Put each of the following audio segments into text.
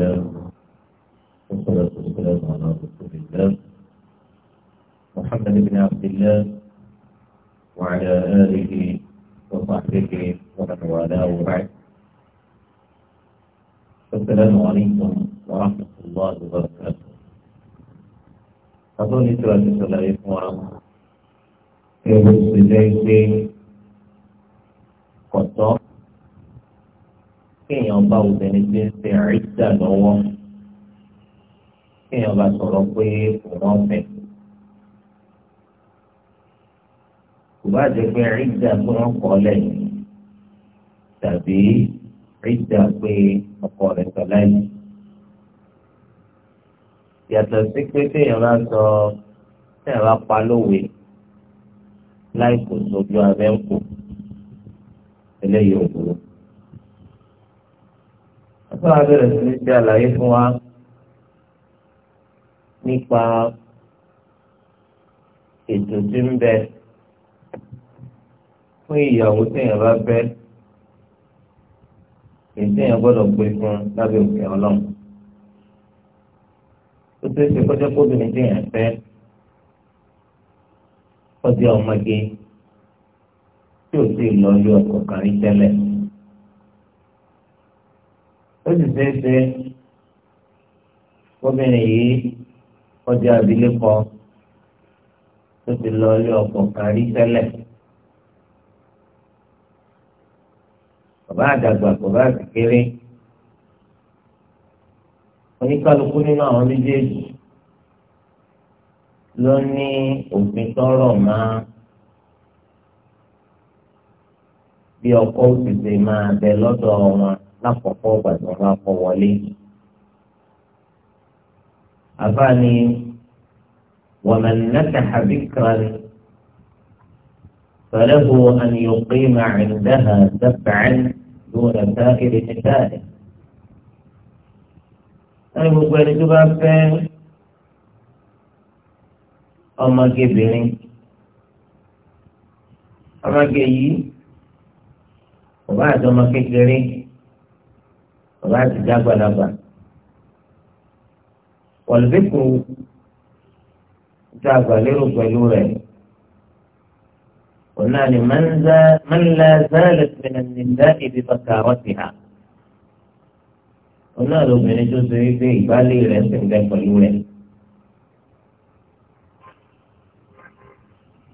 الله والصلاة والسلام على رسول الله محمد بن عبد الله وعلى آله وصحبه ومن والاه وبعد السلام عليكم ورحمة الله وبركاته أظن سؤال السلام ورحمة الله وبركاته kọtọ kéèyàn bá obìnrin tí ṣe àìsà lọ́wọ́ kéèyàn bá sọ̀rọ̀ pé òun ọ̀fẹ́. kò bá jẹ́ pé àìsà pé wọ́n kọ́ lẹ́yìn tàbí àìsà pé ọkọ rẹ̀ sọ lẹ́yìn. yàtọ̀ sí pé kéèyàn bá sọ kéèyàn bá pa lówe láì kò sójú abẹ́ ń kù eléyìí ò burú tó a bẹ̀rẹ̀ sí ní ṣe àlàyé fún wa nípa ètò tí ń bẹ fún ìyàwó téèyàn bá fẹ́ ètéèyàn gbọ́dọ̀ pé fún lábẹ́ òkè ọlọ́run ó ṣeé ṣe kọjá kóbìnrin téèyàn fẹ́ kọjá ọmọge tí ò sí lọ lé ọkọ̀ kan rí ó sì ṣeéṣe gómìnà yìí ọjà abilékọ tó ti lọ ilé ọkọ kárí tẹ́lẹ̀ bàbá àdàgbà bàbá àti kéré oníkálukú nínú àwọn méjèèjì ló ní òfin tọrọ máa bí ọkọ òṣìṣẹ́ máa bẹ lọ́dọ̀ wọn lákòókò gbàgbọ́ bá kọ́ wọlé. àbáni wàmẹ̀ nẹ́tẹ̀ àbíkran fẹ̀lẹ́hu àníyànpé màcìndáhà dábàcán lónà sáírì nìdáàdì. wọ́n ní gbogbo ẹni tó bá fẹ́ ọmọgébìnrin ọmọge yìí kò àti ọmọ kékeré bàbá àti dàgbàlagbà wọlùbíkù tá a gbà lérò pẹ̀lú rẹ̀ ọ̀nà ni mẹ́nlá zálẹ̀ tẹ̀lé nígbà ibi bàtà ọ̀tì hà ọ̀nà lóbìnrin tó so yí pé ìbálẹ̀ rẹ̀ sì ń bẹ pẹ̀lú rẹ̀.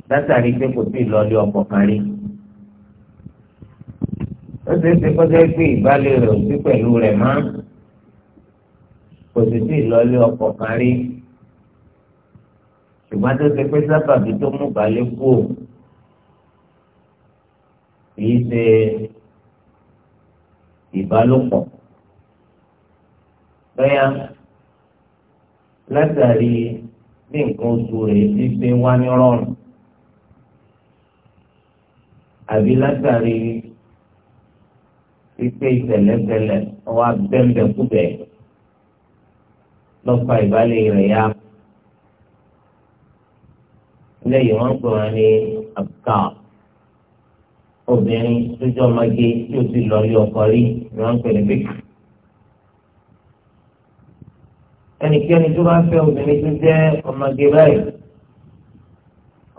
látàrí pé kò sí ìlọlé ọkọ̀ kan rí ó ṣe é ṣe kọjá pé ìbálẹ̀ rẹ̀ ò sí pẹ̀lú rẹ̀ mọ́ kò sì sí ìlọlé ọkọ̀ kan rí ṣùgbọ́n tó ṣe pé sábàbí tó mú balẹ̀ kú kìí ṣe ìbálòpọ̀ lọ́yà látàrí bí nǹkan oṣù rẹ̀ ti ṣe wá ní rọrùn àbí látàrí ipe ìtẹ̀lẹ́tẹ̀lẹ́ wa bẹ́ẹ̀ kúbẹ̀ lọ́fà ìbálẹ̀ rẹ̀ yá. lẹ́yìn wọn pè wọn ní abka obìnrin tó jọ ọmọge tí ó ti lọ ilé ọkọ rí ni wọn pè ní bíkà. ẹnikẹ́ni tó bá fẹ́ obìnrin tó jẹ́ ọmọge báyìí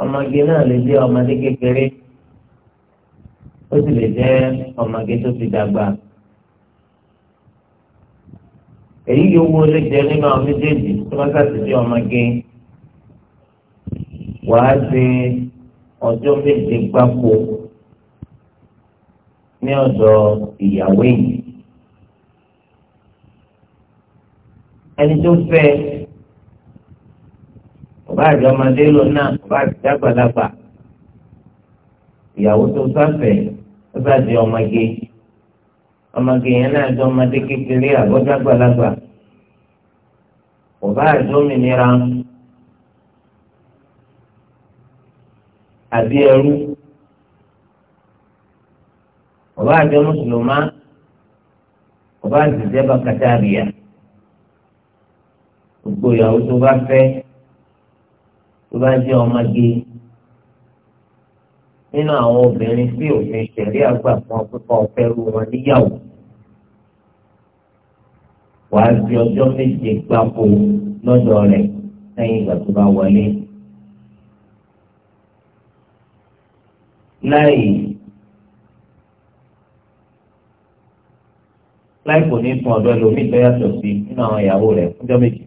ọmọge náà lè jẹ́ ọmọdé kékeré ó sì lè jẹ́ ọmọge tó ti dàgbà. èyí yòówó lè jẹ́ nínú àwọn méjèèjì tó bá sàtì sí ọmọge wàá ṣe ọjọ́ méje gbáko ní ọ̀dọ̀ ìyàwó yìí. ẹni tó fẹ́ ọba àjọ ọmọdé lò náà ọba àti dàgbàlagbà ìyàwó tó sáfẹ́ ó sáàdì ọmọge ọmọge yẹn náà jọ ọmọdé kékeré àgọ́dàgbàlagbà ọba àjọmìnira àbí ẹrú ọba àjọ mùsùlùmá ọba àjẹjẹ bàkàtà àríyá gbogbo ìyàwó tó bá fẹ́ tó bá jẹ́ ọmọge nínú àwọn obìnrin tí òfin ṣẹ̀rí àgbà kan pípọ̀ fẹ́rù wọn níyàwó wàá fi ọjọ́ méje gbáko lọ́dọ̀ rẹ̀ lẹ́yìn ìgbà tó bá wọlé. láì láì kò ní fún ọ̀dọ́ ẹlòmíì tó yàtọ̀ sí nínú àwọn ìyàwó rẹ̀ fúnjọ́ méje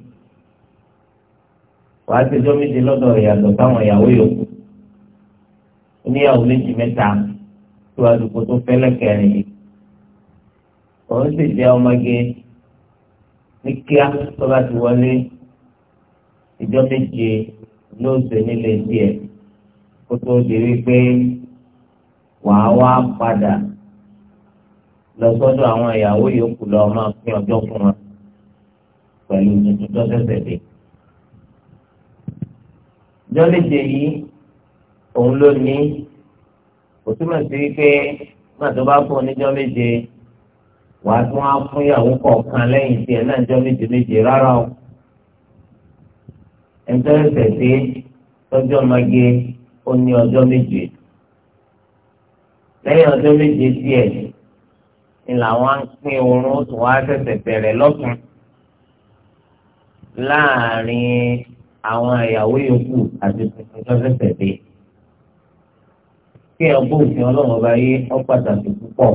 wàá fi ọjọ́ méje lọ́dọ̀ rẹ̀ yàtọ̀ sáwọn ìyàwó yòókù oníyàwó méjì mẹ́ta tó àdúgbò tó fẹ́lẹ́ kẹrin yìí òun sì jẹ́ ọmọge ní kíá tó bá ti wọlé ìjọ méje ló ṣe nílé díẹ̀ kó tó di wípé wàá wá padà lọ sọ́dọ̀ àwọn ìyàwó yòókù lọ máa pín ọjọ́ fún wọn pẹ̀lú tuntun tó ṣẹ̀ṣẹ̀ dé. ìjọ méje yìí òun ló ní kò túmọ̀ sí pé náà tó bá fún oníjọ́ méje wà á tún á fún ìyàwó kọ̀ọ̀kan lẹ́yìn tí ẹ̀ náà jọ méje méje rárá o ẹ̀ńtọ́ ẹ̀sẹ̀ sí tọ́jú ọmọge ó ní ọjọ́ méje lẹ́yìn ọjọ́ méje díẹ̀ ni làwọn á ń pín oorun tó wá ṣẹ̀ṣẹ̀ bẹ̀rẹ̀ lọ́tún láàárín àwọn ìyàwó yòókù àti tuntun tó ṣẹ̀ṣẹ̀ dé kí ọgbọ́n òfin ọlọ́run ọba yé ọ pàtàkì púpọ̀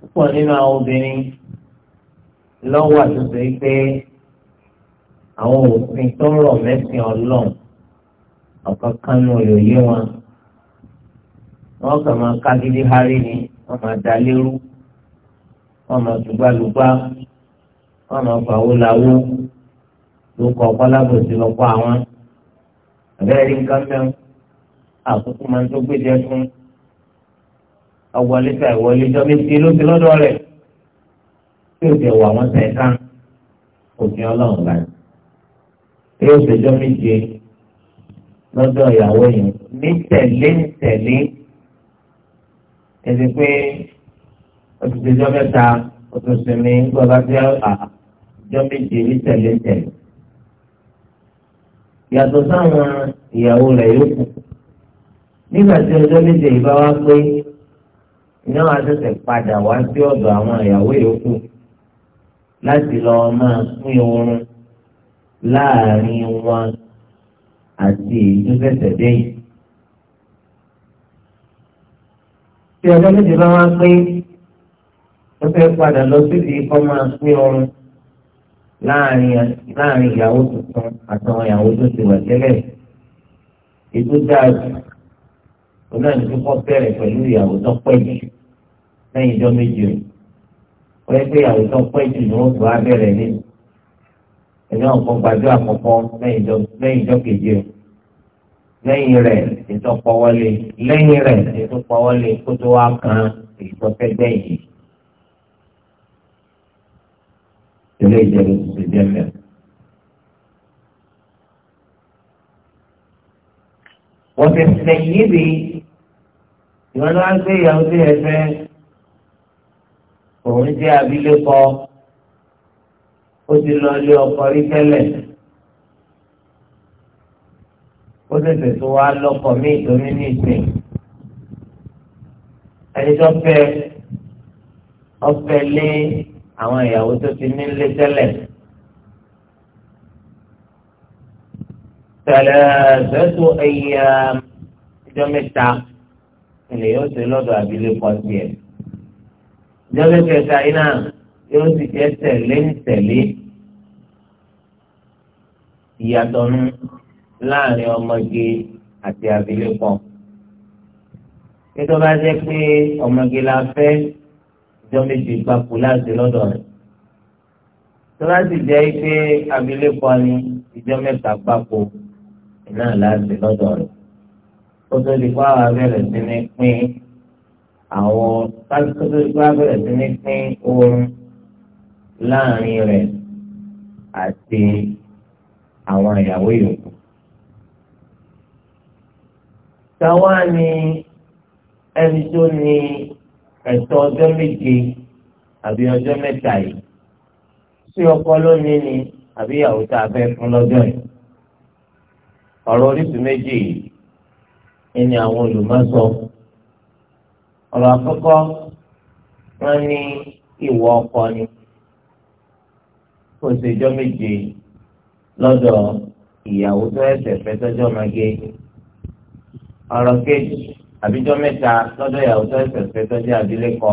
púpọ̀ nínú àwọn obìnrin lọ́wọ́ àtúntò yìí pé àwọn òfin tó rọ̀ mẹ́sìn ọlọ́run ọ̀kan kanú òyòyé wọn wọ́n kàn máa kágídí hárí ni wọ́n máa da lérú wọ́n máa dùgbàlùgbà wọ́n máa fàwó lawó ló kọ́ ọ̀pọ̀ lábòsí lọ́pọ̀ àwọn abẹ́rẹ́ nǹkan mẹ́rin àkókò máa ń tó gbé jẹ fún ọwọlé ta jọ méje ló ti lọ́dọ̀ rẹ̀ tí ó ti wà wọ́n sẹ̀ ká òfin ọlọ́run láti tí ó ti jọ méje lọ́dọ̀ ìyàwó yìí ní tẹ̀lé ní tẹ̀lé pé ó ti jọ mẹ́ta ó tún sinmi gbọ́dọ̀ tí a jọ méje ní tẹ̀lé tẹ̀lé yàtọ̀ sáwọn ìyàwó rẹ̀ yókù nígbà tí ọjọ́ méje ìbá wá pé iná wa ṣẹ̀ṣẹ̀ padà wá sí ọ̀dọ̀ àwọn ìyàwó yòókù láti lọ máa pín oorun láàrin wọn àti èyí tó ṣẹ̀ṣẹ̀ dé yìí. tí ọjọ́ méje bá wá pé ó fẹ́ padà lọ síbi kọ́ máa pín oorun láàrin ìyàwó tuntun àtàwọn ìyàwó tó ti wà tẹ́lẹ̀ ètò dáa jù ọ̀nà ìdúkọ́ bẹ̀rẹ̀ pẹ̀lú ìyàwó tó pẹ́ jù lẹ́yìn ìjọ méjì rẹ̀ wọ́n yẹ pé ìyàwó tó pẹ́ jù ni wọ́n tó wá bẹ̀rẹ̀ ní ẹ̀yìn ọ̀kan gbàdúrà àkọ́kọ́ lẹ́yìn ìjọ kejì rẹ̀ lẹ́yìn rẹ̀ ètò pọ́wọ́lé lẹ́yìn rẹ̀ ètò pọ́wọ́lé kó tó wá kan ètò fẹ́gbẹ́ yìí. ilé ìjẹun ti ṣe jẹ́ mẹ́rin. وفي السيد ìwọ ni wọn gbé ìyàwó sí ẹfẹ òun jẹ abilékọ ó ti lọ ilé ọkọ rí tẹ́lẹ̀ ó tẹsẹ̀ tó wá lọ́kọ mí ìtòmí ní ìsìn ẹni tó fẹ́ ọfẹ́ lé àwọn ìyàwó tó ti nílé tẹ́lẹ̀. ثلاثة أيام إذا متى ilẹ̀ yóò ṣe lọ́dọ̀ àbílẹ̀kọ tiẹ̀. ìjọba kẹta iná yóò sì jẹ́ tẹ̀lé ń tẹ̀lé ìyàtọ̀ nu láàrin ọmọge àti àbílẹ̀kọ. nítorí wọ́n jẹ́ pé ọmọge la fẹ́ ìjọ méjì gbapò láti lọ́dọ̀ rẹ̀. tó bá sì jẹ́ pé àbílẹ̀kọ ni ìjọ mẹ́ta gbapò náà láti lọ́dọ̀ rẹ̀ kó tó di pa bẹ̀rẹ̀ sí ní pín àwọn kó tó di pa bẹ̀rẹ̀ sí ní pín oorun láàrin rẹ̀ àti àwọn ìyàwó yòókù. Táwa ni ẹni tó ní ẹ̀tọ́ ọjọ́ méje àbí ọjọ́ mẹ́ta yìí. Ṣé ọkọ lónìí ni àbí ìyàwó tá a fẹ́ fún lọ́jọ́ yìí? Ọ̀rọ̀ oríṣi méjì yìí ẹni àwọn olùmọ̀sọ. ọ̀rọ̀ àkọ́kọ́ wọ́n ní ìwọ ọkọ ni kó o ṣe ijọ́ méje lọ́dọ̀ ìyàwó tó ẹsẹ̀ fẹ́ tọ́jọ́ máa gé ọ̀rọ̀ kejì àbíjọ́ mẹ́ta lọ́dọ̀ ìyàwó tó ẹsẹ̀ fẹ́ tọ́jọ́ abilékọ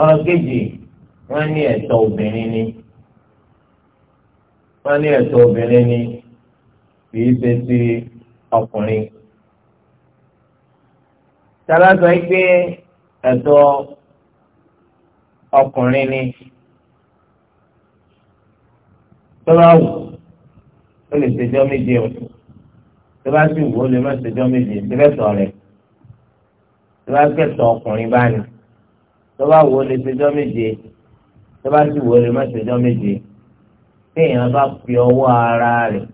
ọ̀rọ̀ kejì wọ́n ní ẹ̀tọ́ obìnrin ni wọ́n ní ẹ̀tọ́ obìnrin ni kì í ṣe ti ọkùnrin. Sábà sọ pé ẹ̀tọ́ ọkùnrin ni tó bá wù ó lè ṣèjọ́ méje o tó bá sì wù ó lè má ṣèjọ́ méje síbẹ̀tọ̀ rẹ̀ tó bá kẹ̀tọ̀ ọkùnrin bá ní tó bá wù ó lè ṣèjọ́ méje tó bá sì wù ó lè má ṣèjọ́ méje téèyàn bá fi ọwọ́ ara rẹ̀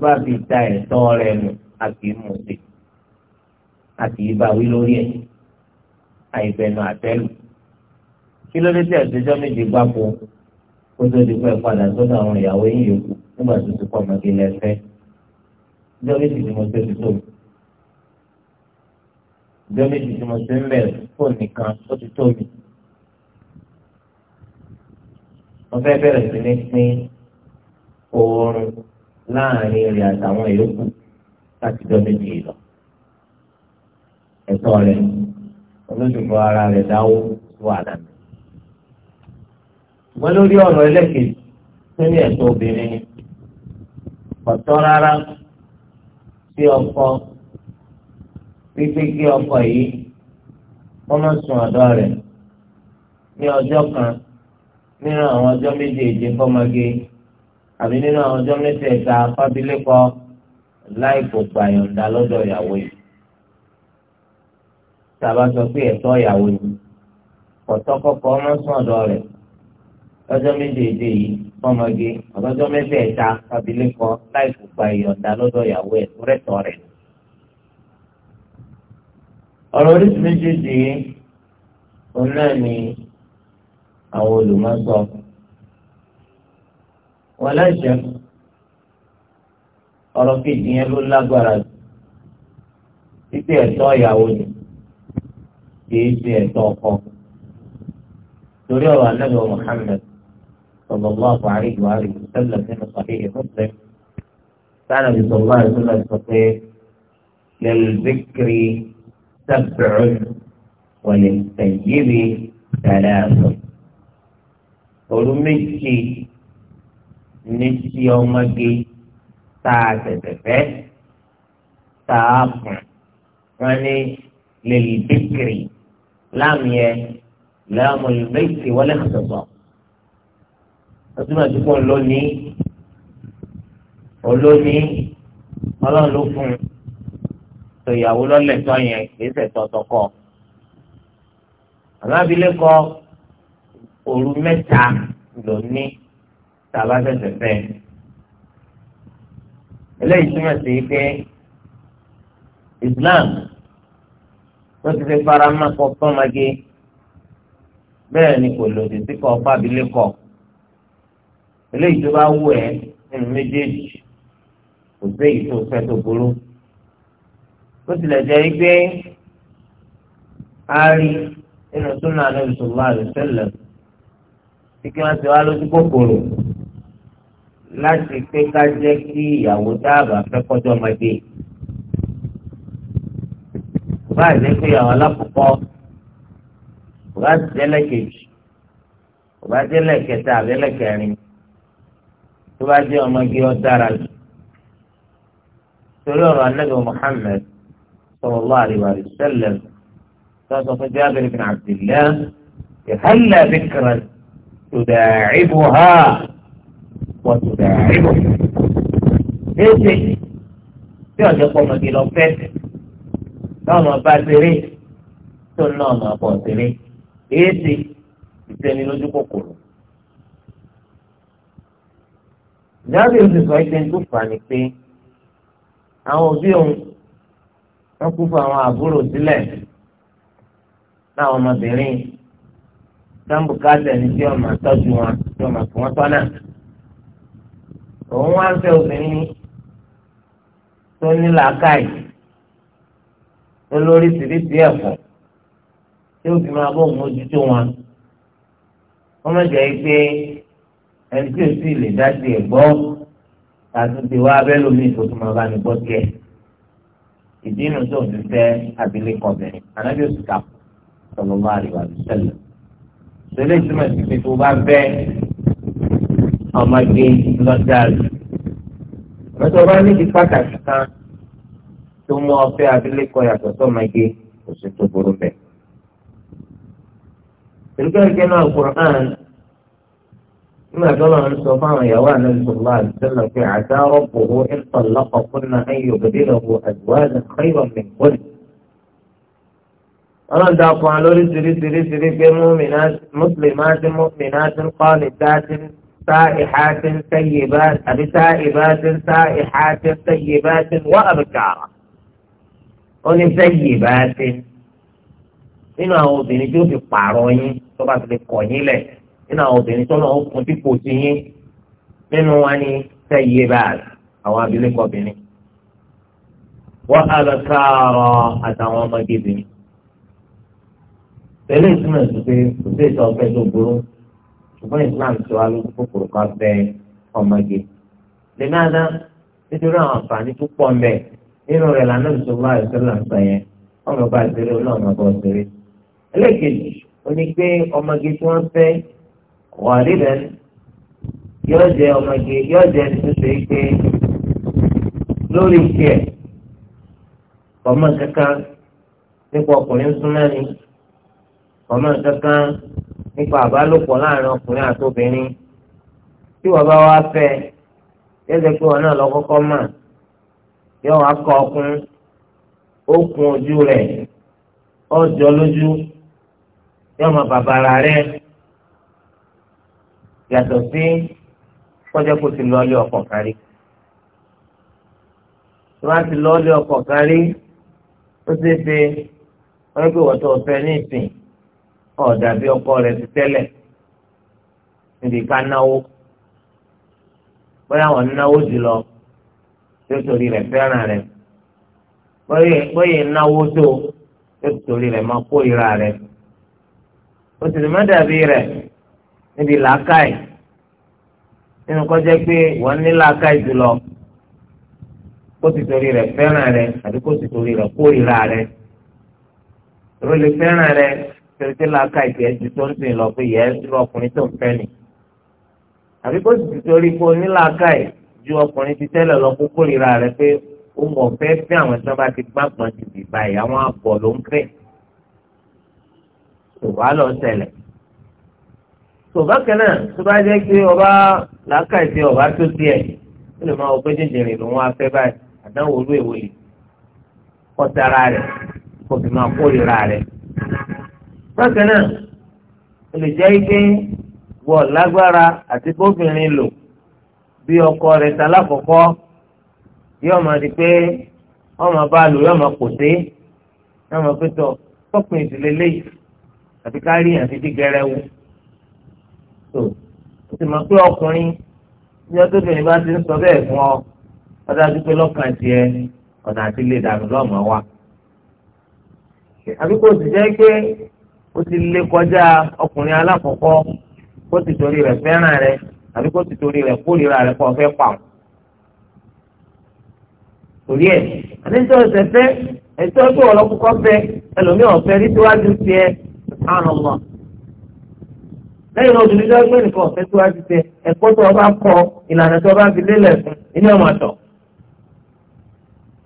tó bá fi ta ẹ̀tọ́ rẹ̀ nù a kì í mú sí a kì í bá wí lórí ẹ̀ àìbẹ̀nu àtẹ́lù kí ló dé tí ẹ̀sọ́jọ́ méje gbáko kó tó di pẹ́ padà sọ́dọ̀ àwọn ìyàwó yín yòókù nígbà tó ti pọ̀ mọ́kì lẹ́fẹ́ ìjọ méjì ni mo ṣe ti tó ìjọ méjì ni mo ṣe ń bẹ̀ fóònù nìkan ó ti tó mi mo fẹ́ bẹ̀rẹ̀ sí ní pín oorun láàrin rẹ̀ àtàwọn yòókù láti jọ méjì lọ. ẹ̀tọ́ rẹ̀ olóṣùpọ̀ ara rẹ̀ dáwó wà lánàá. ṣùgbọ́n lórí ọ̀rọ̀ ẹlẹ́kejì sínú ẹ̀tọ́ obìnrin ni ọ̀tọ́ rárá sí ọkọ wípé kí ọkọ yìí wọ́n máa sùn ọ̀dọ̀ rẹ̀ ní ọjọ́ kan nínú àwọn ọjọ́ méjèèjì kọ́mọge àbí nínú àwọn ọjọ́ mẹ́tẹ̀ẹ̀ta fábílẹ́kọ láì kò gbàyànjá lọ́dọ̀ ìyàwó yìí tàbá sọ pé ẹ̀tọ́ ìyàwó yìí kọ̀tọ́kọ́kọ́ ọmọ sún ọ̀dọ̀ rẹ̀ lọ́jọ́ méjèèjì yìí fọmọge ọlọ́jọ́ mẹ́tẹ̀ẹ̀ta fábílẹ́kọ láì kò gbàyànjá lọ́dọ̀ ìyàwó ẹ̀ tó rẹ̀tọ̀ rẹ̀. ọ̀rọ̀ oríṣi méjèèjì yìí wọn láìsẹ ọ̀rọ̀ kejì yẹn ló lágbára jù títí ẹ̀tọ́ ìyàwó ni kìí ṣe ẹ̀tọ́ ọkọ torí ọ̀rọ̀ anábẹ Muhammad sallallahu alaihi wa alihi wa sallam nínú sahih Muslim sáànà bí sallallahu alaihi pé lẹ́lẹ́dẹ́kiri sábẹ̀rún wọlé tẹ̀yẹ́bí tẹ̀lẹ́ àtọ̀. Olú méjì ní sí ọmọge tá a tẹ̀tẹ̀ fẹ́ tá a kùn wọn ní lèlì bíkìrì láàmì yẹn láàmù ìrèké wọlé àtọ̀tọ̀ ọdún àdúgbò lónìí olónìí ọlọ́run ló fún un tó ìyàwó lọ́lẹ̀tọ́ yẹn kìí ṣẹ̀tọ́ tọkọ àmọ́ abilékọ òru mẹ́ta lónìí tàbá fẹsẹ̀ fẹ́ eléyìí túmọ̀ sí pé Islam tó ti fi fara mọ́ kọ́ tọ́mọge bẹ́ẹ̀ ni kò lòdì sí kọ́ fábílẹ́kọ̀ eléyìí tó bá wù ẹ́ nínú méjèèjì kò sí èyí tó fẹ́ tó burú bó tilẹ̀ jẹ́ pé a rí nínú súnà Ànábì sallallahu alaihi wasallam tí ti wá lójú kòkòrò. láti pé ká jẹ́ kí ìyàwó dáàbà fẹ́ kọjọ́ ọmọdé. Báà jẹ́ pé ìyàwó alákọ̀ọ́kọ́ kò bá jẹ́ lẹ́kejì kò bá jẹ́ lẹ́kẹta àbí lẹ́kẹrin tó bá jẹ́ ọmọge ó dára jù. Torí ọ̀rọ̀ Mùhàmmẹ́d sọ̀rọ̀ sallallahu àríwá rẹ̀ sẹ́lẹ̀ tó sọ fún Jabir bin Abdillah ìhàlẹ̀ bìkìrì tùdàcìbù ha. wọ́n ti bẹ̀rẹ̀ àríwọ̀. Léṣe tí ọ̀jọ̀ pọ̀ mọ̀gì lọ fẹ́ lọ́nà ọba ṣeré tó ń lọ́nà ọ̀pọ̀ ṣeré. Léṣe ìṣẹ́ni lójú kòkòrò. Ìjáde oṣù sọ ìṣe tó fà ní pé àwọn òbí òun wọ́n kú fún àwọn àbúrò sílẹ̀ náà ọmọbìnrin sáǹbùkátà ẹni tí ọmọ àtọ́jú wọn tí ọmọ àtúwọ́n tọ́nà òun wá ń fẹ́ obìnrin tó ní làákàyè tó lórí tìrìtì ẹ̀fọ́ tí ó fi máa bọ̀ mójútó wọn wọ́n mọ̀ jẹ́ pé ẹni tí ò sì lè dá sí ẹ̀ gbọ́ àtúntì wa abẹ́lómi ìfòtúmọ̀ bá ní gbọ́ tiẹ̀ ìdínú tó ń fẹ́ abilékọ bẹ̀rẹ̀ anábì òsì kà sọlọ́mọ àríwá sẹ́lẹ̀ sọlẹ́ ìtumọ̀ sí pé tó bá fẹ́ ọmọdé lọ́dàlù. Mọ́tò bá níbi pàtàkì kan tó mú ọfẹ́ abilékọ yàtọ̀ sọ́mọdé oṣù tó burú bẹ̀. Ìrúkẹ́rìkẹ́ náà Kùrán nígbà tó ń sọ fáwọn ìyàwó àná ànábìsọ̀lá àdìsẹ́lẹ̀ pé àdá rọ́pò owó ìtọ̀lọ́pọ̀ fúnna ẹ̀yìn òbẹ̀dẹ̀lẹ̀ wo àdìwádìí kọ́yọ̀ mẹ́kọ́lì. wọ́n dá fún wa lórí ṣiríṣiríṣirí pé mùsùlùmí á ti mùsùlùmí á ti ń kọ́ ní dáa ti ń سائحات سيبات أبي سائبات سائحات سيبات وأبكارا قل سيبات nínú àwọn obìnrin tí ó fi pààrọ̀ yín tó bá fi lè kọ̀ yín lẹ̀ nínú àwọn obìnrin tó lọ́wọ́ fún dípò sí yín nínú wa ni sẹ́yìí báyìí àwọn abilékọ obìnrin wọ́n alọ́kàárọ̀ àtàwọn ọmọge obìnrin. pẹ̀lú ìtumọ̀ sí pé kò sí ìtọ́ ọ̀fẹ́ tó burú ṣùgbọ́n Islam ṣe wá lójú kòkòrò kan fẹ́ ọmọge. lèmi àná nítorí àwọn àǹfààní tó pọ̀ mẹ́ nínú rẹ̀ lànà ìṣòwò àìsílẹ̀ àǹfà yẹn ọmọ bá ṣeré ọlọ́ọ̀mọ bá ṣeré. ẹlẹ́kejì ó ní pé ọmọge tí wọ́n fẹ́ wà lílẹ̀ yóò jẹ ọmọge yóò jẹ tó ṣe pé lórí tiẹ̀ ọmọ kankan nípa ọkùnrin súnmọ́ ọmọ kankan nípa àbálòpọ̀ láàrin ọkùnrin àti obìnrin tí wọ́n bá wá fẹ́ yẹ́sẹ̀ pé wọn náà lọ kọ́kọ́ mà yọ wá kọ ọkùn ó kun ojú rẹ̀ ọjọ́ lójú yọ mọ bàbàrà rẹ̀ yàtọ̀ sí kọjá kó ti lọ́ọ́lé ọkọ̀ kárí tí wọ́n ti lọ́ọ́lé ọkọ̀ kárí ó ṣeé ṣe wọ́n pè wọ́n tó fẹ́ ní ìsìn ọ̀dà bí ọkọ rẹ̀ ti tẹ́lẹ̀ níbi ká náwó bóyá wọn náwó jùlọ tó torí rẹ̀ fẹ́ràn rẹ̀ bóyá náwó tó tó torí rẹ̀ máa kórìíra rẹ̀ o sì lè má dàbí rẹ̀ níbi làákàyè nínú kọjá pé wọn ní làákàyè jùlọ kó ti torí rẹ̀ fẹ́ràn rẹ̀ àbí kó ti torí rẹ̀ kórìíra rẹ̀ ìrọ̀lẹ́ fẹ́ràn rẹ̀ tẹ̀lẹ́tẹ̀ láàka ìfẹ́ ju tó ń sìn lọ pé yẹ ẹ́ sírò ọkùnrin tó ń fẹ́ ni. àbí kó sì torí kó níláàka ẹ̀ ju ọkùnrin ti tẹ́lẹ̀ lọ kó kórìíra rẹ pé ó mọ̀ fẹ́ fẹ́ àwọn tí wọ́n bá ti gbàgbọ́n ti dì báyìí àwọn àbọ̀ ló ń fẹ́. tòwá lọ ṣẹlẹ̀. tòbá kẹ́nà tó bá jẹ́ pé ọba làákà ìfẹ́ ọba tó tiẹ̀ ó lè máa wọ pé jẹjẹrẹ ló wọn afẹ́ báyìí àdáwọ̀ olú èwo yìí kọ́ bákan náà o lè jẹ́ ike wọ̀ lágbára àti bóbìnrin lò bí ọkọ rẹ̀ ta lákọ̀ọ́kọ́ yóò máa di pé ọmọ bá lò yóò máa kò sí yóò máa pé tọ tọkùn ìdílé léyìí àti kárí àti dígẹrẹ wò tó o sì mọ̀ pé ọkùnrin ní ọdún tó bá ti ń sọ bẹ́ẹ̀ fún ọ ọdún àti lọ́kàn tiẹ̀ ọ̀nà àti lè dànù lọ́mọ wa àbí kò sì jẹ́ pé ó ti lé kọjá ọkùnrin alákọ̀ọ́kọ́ kó ti torí rẹ̀ fẹ́ràn rẹ̀ àbí kó ti torí rẹ̀ kórìíra rẹ̀ kọ́ fẹ́ pa ọ́. torí ẹ̀ àdéhùn ẹ̀sẹ̀ fẹ́ ẹ̀sẹ̀ tó ọlọ́kùnkọ́ fẹ́ ẹlòmíràn fẹ́ rí síwájú tiẹ̀ àrùn ọmọ. lẹ́yìn náà obìnrin tó gbé nìkan ọ̀fẹ́ síwájú tiẹ̀ ẹ̀kọ́ tó ọba kọ ìlànà tó ọba fi lélẹ̀ fún ilé ọmọ àtọ̀.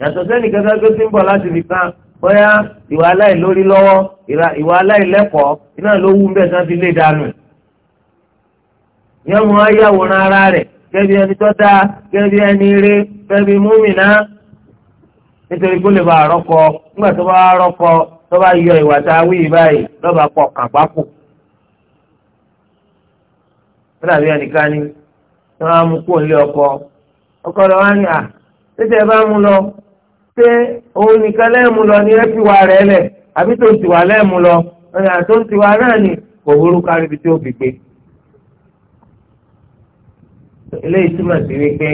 yàtọ̀ sẹ́nìkan tó gbé símbọ̀ láti fi kan bóyá ìwà aláìlórí lọ́wọ́ ìwà aláìlẹ́kọ̀ọ́ iná ló wú bẹ́ẹ̀ sáfi lé dànù. yẹ́n mú ayáwòrán ara rẹ̀ kẹ́bi ẹni tó dáa kẹ́bi ẹni rí kẹ́bi múmìnà nítorí kó lè bá àrọ́kọ nígbà tó bá àrọ́kọ tó bá yọ ìwà tá a wí báyìí lọ́ba pọ̀ kàgbákò. fúnàbí ẹnìkan ni wọ́n á mú kó lé ọkọ ọkọ rẹ̀ wá ní à tètè bá mú lọ pé òun nìkan lẹ́ẹ̀mú lọ ní ẹ́fíwá rẹ̀ lẹ̀ àbí tó ń tiwà lẹ́ẹ̀mú lọ ọ̀nà tó ń tiwà náà ni kò burú kárí ibi tí ó fi gbé. eléyìí túmọ̀ sí wípé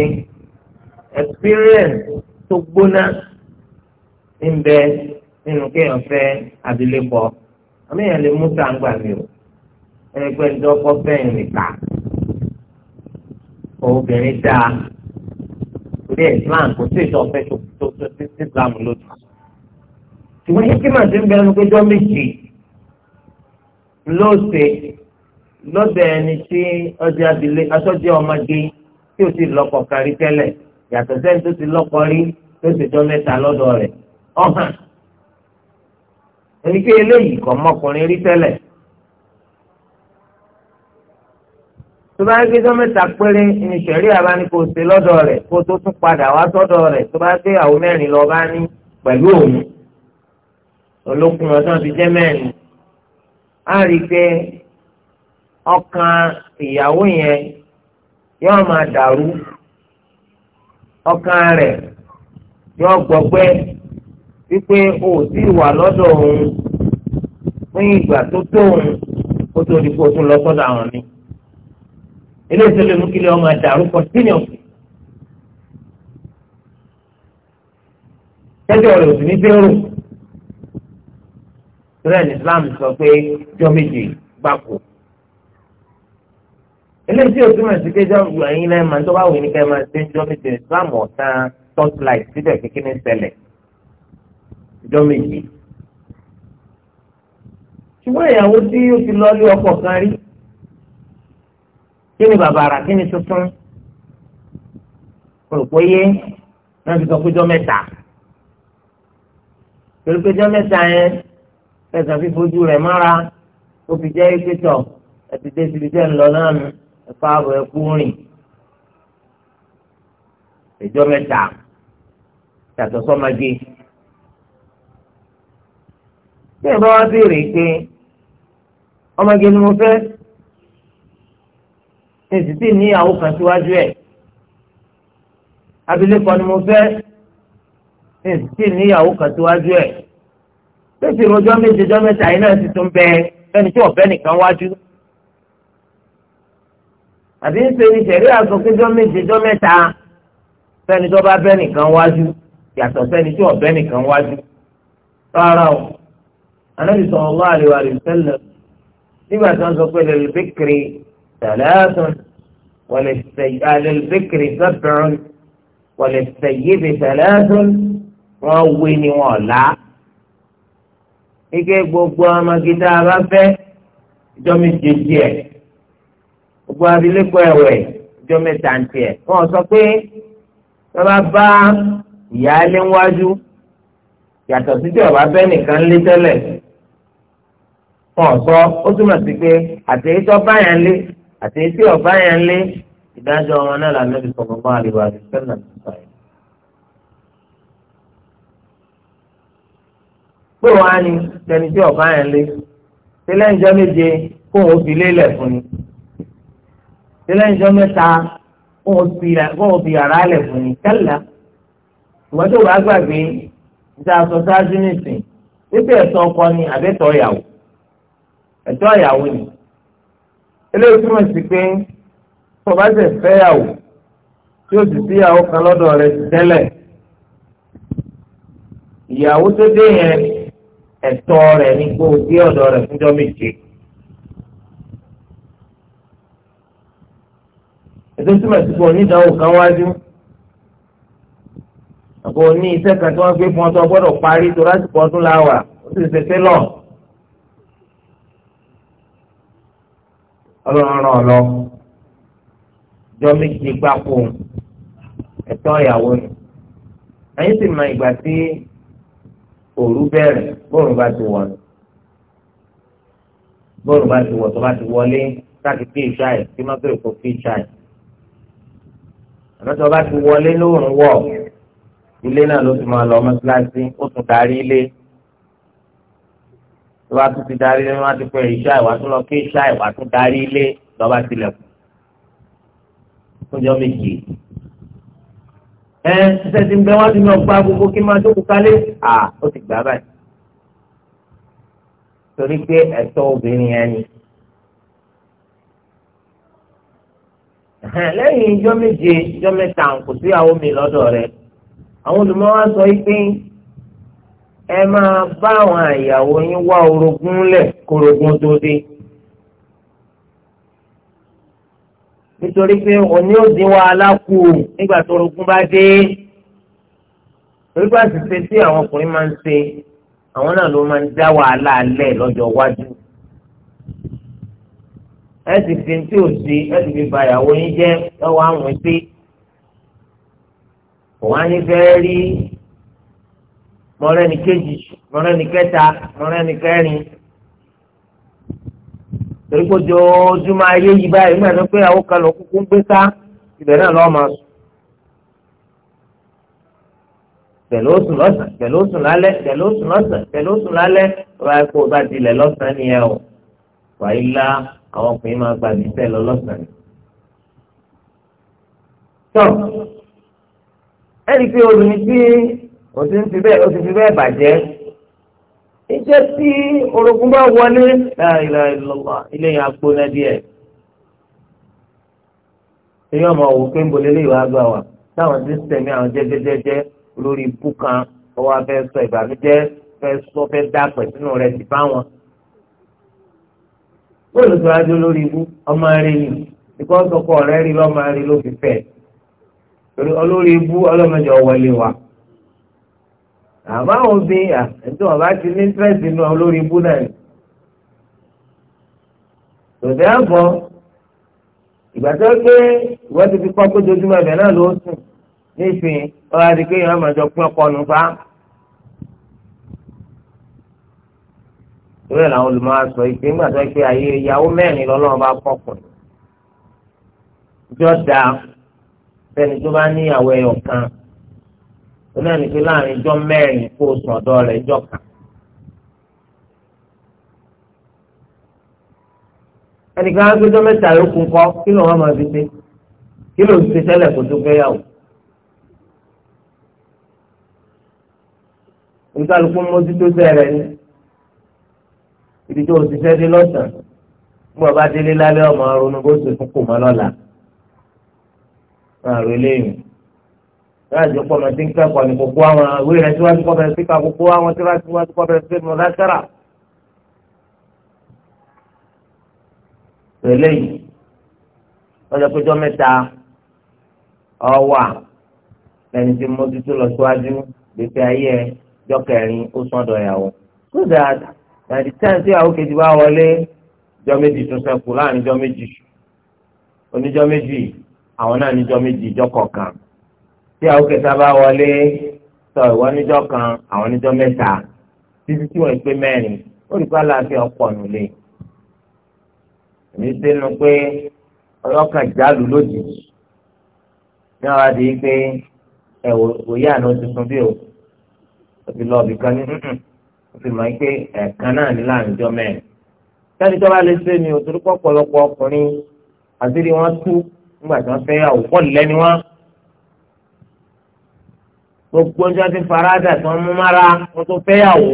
experience tó gbóná ń bẹ nínú kéèyàn fẹ́ abilékọ àmì èèyàn lè mú sàǹgbà mi o ẹgbẹ́ ìjọkọ fẹ́yìn nìka obìnrin dáa torí ẹ̀ Islam kò sí ìjọ ọ̀fẹ́ tó tó tó sí Islam lójú. ṣùgbọ́n yíkí màá ti ń bẹ̀rù pé jọ́ méjì ló ṣe lọ́dọ̀ ẹni tí ọjà abilé asọ́jẹ́ ọmọge tí ó ti lọ́kọ kárí tẹ́lẹ̀ yàtọ̀ sẹ́ni tó ti lọ́kọ rí tó ti jọ mẹ́ta lọ́dọ̀ rẹ̀ ọ̀hàn. èyí pé eléyìí kọ̀ mọ́kùnrin rí tẹ́lẹ̀ tó bá ń gbé ọjọ́ mẹ́ta péré ní sẹ̀rí àbáníkò ṣe lọ́dọ̀ rẹ̀ kó tó tún padà wá sọ́dọ̀ rẹ̀ tó bá gbé àwọn mẹ́rin lọ bá ní pẹ̀lú òun olókùn ọdún ti jẹ́ mẹ́rin á rí pé ọkàn ìyàwó yẹn yóò máa dàrú ọkàn rẹ̀ yóò gbọgbẹ́ wípé o ò wà lọ́dọ̀ òun fún ìgbà tó tó òun kó tó di kó àwọn míì eléyìí tó lè mú kílẹ̀ ọmọ ẹ̀dàrú kọ́ntínìọ̀ tẹ́jọ́ rẹ̀ òsì ní bẹ́rù rẹ̀ ní Islam sọ pé jọ méje gbáko eléyìí tí o túmọ̀ sí pé jọ ẹ̀yin náà máa ń tọ́wọ́ àwọn ènìyàn máa ṣe jọ méje Islam ọ̀tán torchlight síbẹ̀ kékeré ní ṣẹlẹ̀ jọ méje ṣùgbọ́n ìyàwó tí ó ti lọ́ọ́ lé ọkọ̀ kan rí kí ni bàbàrà kí ni tuntun òròpó yé náà fi sọ péjọ mẹ́ta torí péjọ mẹ́ta yẹn fẹsẹ̀ fífojú rẹ̀ mára ó fi jẹ́ ìpẹ́tọ̀ ẹ̀tì dé síbi tẹ́ ń lọ náà nù ẹ̀fọ́ àbọ̀ ẹ̀kú rìn péjọ mẹ́ta yàtọ̀ sọ́mọdé tí ìbá wá béèrè pé ọmọge ni mo fẹ́ ní ìsìtì níyàwó kan síwájú ẹ̀ abilékọ ni mo fẹ́ ní ìsìtì níyàwó kan síwájú ẹ̀ lóṣù ìrọ̀jọ́ méje jọ́ mẹ́ta yìí náà ti tún bẹ ẹni tí ọ̀fẹ́ nìkan wájú àbí ń ṣe ni sẹ̀rí àsọkéjọ́ méje jọ́ mẹ́ta sẹ́ni tó bá bẹ́ nìkan wájú yàtọ̀ sẹ́ni tí ọ̀bẹ nìkan wájú rárá o anábì sallallahu alaihi wa sallam nígbà tí wọ́n sọ pé lil bikri salatun وللذكر سبع وللسيد ثلاث wọn wé ni wọn là ike gbogbo ọmọgídá abáfẹ ìjọ méje díẹ̀ gbogbo abilékọ ẹ̀wẹ̀ ìjọ mẹ́ta ń tiẹ̀ wọn sọ pé bàbá bá ìyáálé wájú yàtọ̀ sí tí ọba fẹ́ nìkan lé tẹ́lẹ̀ wọn sọ ó túmọ̀ sí pé àtẹ̀yítọ́ báyà ń lé àti etí ọba yẹn lé ìdájọ́ wọn náà lànà bí sọ̀rọ̀ máa lè wà ní sẹ́nà nípa ẹ̀. pé wọn á ní tẹni tí ọba yẹn lé tẹ́lẹ̀ ìjọ méje kó wọn fi lélẹ̀ fún ni tẹ́lẹ̀ ìjọ mẹ́ta kó wọn fi yàrá lẹ̀ fún ni kálá ìwọ́n tó wà gbàgbé ìta sọ sáájú nìsín pípẹ́ ẹ̀tọ́ ọkọ ni àbẹ́tọ̀ ìyàwó ẹ̀tọ́ ìyàwó ni eléyìí túmọ̀ sí pé tó bá ṣe fẹ́yàwó tí ó sì síyàwó kan lọ́dọ̀ rẹ̀ tẹ́lẹ̀ ìyàwó tó dé yẹn ẹ̀tọ́ rẹ̀ ní kó o dé ọ̀dọ̀ rẹ̀ fúnjọ́ méje. ètò túmọ̀ sí pé onídàáwò kan wájú àbò ní iṣẹ́ kan tí wọ́n gbé fún ọ tó gbọ́dọ̀ parí tó lásìkò ọdún láwà ó sì ṣe tẹ́lọ̀. ọlọ́run ràn lọ jọ méje gbáko ẹ̀tọ́ ìyàwó ni ẹ̀yin sì mọ ìgbà tí òru bẹ̀rẹ̀ bóòrùn bá ti wọ̀ bóòrùn bá ti wọ̀ tó bá ti wọlé káàkiri kí ìṣá ẹ̀ kí mọ́tò èkó kí ìṣá ẹ̀ àmọ́ tó bá ti wọlé lóòrùn wọ̀ ilé náà ló ti máa lọ mọ́ síláṣí ó tún darí ilé tó bá tún ti darí lé wọn á ti pẹ́ ìṣá ìwà tó lọ kí ìṣá ìwà tó darí lé lọ́ba tilẹ̀kùn fúnjọ́ méje ẹ ṣiṣẹ́ ti ń bẹ wọ́n ti ní ọgbà gbogbo kí máa dókun kálé à ó ti gbà báyìí torí pé ẹ̀tọ́ obìnrin yẹn ni. lẹ́yìn ijọ́ méje ijọ́ mẹ́ta kò sí àwọn omi lọ́dọ̀ rẹ̀ àwọn olùmọ̀ wa sọ yìí pé ẹ máa bá àwọn àyàwó yín wá orogún lẹ̀ kórogún tó dé. nítorí pé òní ò dín wàhálà kù nígbà tó orogún bá dé. orígbà ṣiṣẹ́ tí àwọn ọkùnrin máa ń ṣe àwọn náà ló máa ń dá wàhálà lẹ̀ lọ́jọ́ iwájú. ẹ sì fi tí ò sí ẹ sì fi bà àyàwó yín jẹ́ ẹ àwọn sí. òun á ní fẹ́ rí mọ̀rẹ́ ní kejì mọ̀rẹ́ ní kẹta mọ̀rẹ́ ní kẹrin torí kó jọjúmọ́ ayé yìí báyìí mọ̀ ní pé àwọn kan lọ kúkú ń gbé sá ibẹ̀ náà lọ́ọ́ máa sùn. pẹ̀lú oṣù lọ́sàn pẹ̀lú oṣù lálẹ́ pẹ̀lú oṣù lọ́sàn pẹ̀lú oṣù lálẹ́ wà á kó o bá dilẹ̀ lọ́sàn ni ẹ o wà á la àwọn ọkùnrin máa gba ìbísẹ̀ lọ lọ́sàn. tọ́ ẹnì pé olùmí kò sí ti bẹ́ẹ̀ ó ti fi bẹ́ẹ̀ bàjẹ́ iṣẹ́ tí orogún bá wọlé ilé yẹn agbóná díẹ̀ èyí ọmọ òwò pé ń bolé léyìí wá gbà wá táwọn ti ń sẹ̀mí àwọn jẹ́jẹ́jẹ́jẹ́ lórí ikú kan ọwọ́ afẹ́ sọ ìbànújẹ́ fẹ́ sọ fẹ́ dàpẹ̀ sínú rẹ̀ ti bá wọn. bóòlù tó wájú lórí ikú ọmọ rẹ yìí ìkọ́ sọkọ rẹ rí lọ́mọ rẹ ló fi fẹ́ olórí ikú ọlọ́mọdé ọ̀wọ́lé wa àmọ́ àwọn obìnrin àti wọn bá ti ní interest nínú olórí ibú náà ni. tòdí àbọ̀ ìgbà tó pé ìwọ́n ti fi kọ́ pé ojoojúmọ́ ẹ̀bẹ̀ náà ló sùn nísìnyí ọ̀rọ̀ àti pé ìyàwó àmàjọ pín ọkọ nù fa. ìwé làwọn olùmọ̀ àṣọ ìpín nígbà tó pé ayé ìyàwó mẹ́rin lọ́lọ́run bá pọ̀ pọ̀ jọ́ da fẹ́ni tó bá ní ìyàwó ẹ̀yọ̀ kan náà ní láàrin ijọ́ mẹ́rin kó o sùn ọ̀dọ̀ rẹ̀ ijọ́ kan. ẹnìkan á gbẹjọ́ mẹ́ta yòókù ńkọ́ kí ló wọ́n máa fi ṣe kí ló ń ṣe tẹ́lẹ̀ kó tó fẹ́yàwó. oníkàlùkù mójútó sẹ́rẹ̀ ni ibi tó o ti fẹ́ dé lọ́sàn-án bí wọ́n bá délé lálẹ́ ọmọ ronú bó ṣe fún kò mọ́ lọ́la. máa ro eléyìí láàjọ pọ̀ mọ̀ tí ń kẹ́kọ̀ọ́ ní gbogbo àwọn ìwé rẹ̀ síwájú kọ́ bẹ̀rẹ̀ síkà gbogbo àwọn tí wọ́n síwájú kọ́ bẹ̀rẹ̀ sí mọ̀láṣẹ́rà. pẹ̀lẹ́ yìí ọjọ́ péjọ mẹ́ta ọwà lẹ́ni tí mójútó lọ síwájú gbèsè ayé ẹ̀ jọ kẹrin ó sàn dọ̀ ìyàwó. so that na the time tí àwọn kejì bá wọlé jọ méjì tún ṣẹ́kù láàrin jọ méjì oníjọ méjì àwọn náà níjọ méjì ìjọ kọ̀ọ̀kan tí àwọn kẹta bá wọlé sọ ìwọ oníjọ́ kan àwọn oníjọ́ mẹ́ta títí tí wọ́n pé mẹ́rin ó rí pálá àti ọ̀pọ̀ nílé èmi sínú pé ọlọ́kàn jálù lójijì ní àwọn àdìyí pé ẹ̀wò òye àná tuntun bí o ó ti lọ ibìkan ní ó ti mọ̀ pé ẹ̀ẹ̀kan náà ní láàrin ọjọ́ mẹ́rin sẹ́ni tó bá lè ṣe ni òtúrúkọ́ pọ̀lọpọ̀ ọkùnrin àti rí wọ́n tú nígbà tí wọ́n fẹ́ yà wò pọ̀ lẹ́ni wọ́n gbogbo ní wọ́n ti faradà tí wọ́n mú mára wọ́n tó fẹ́yàwó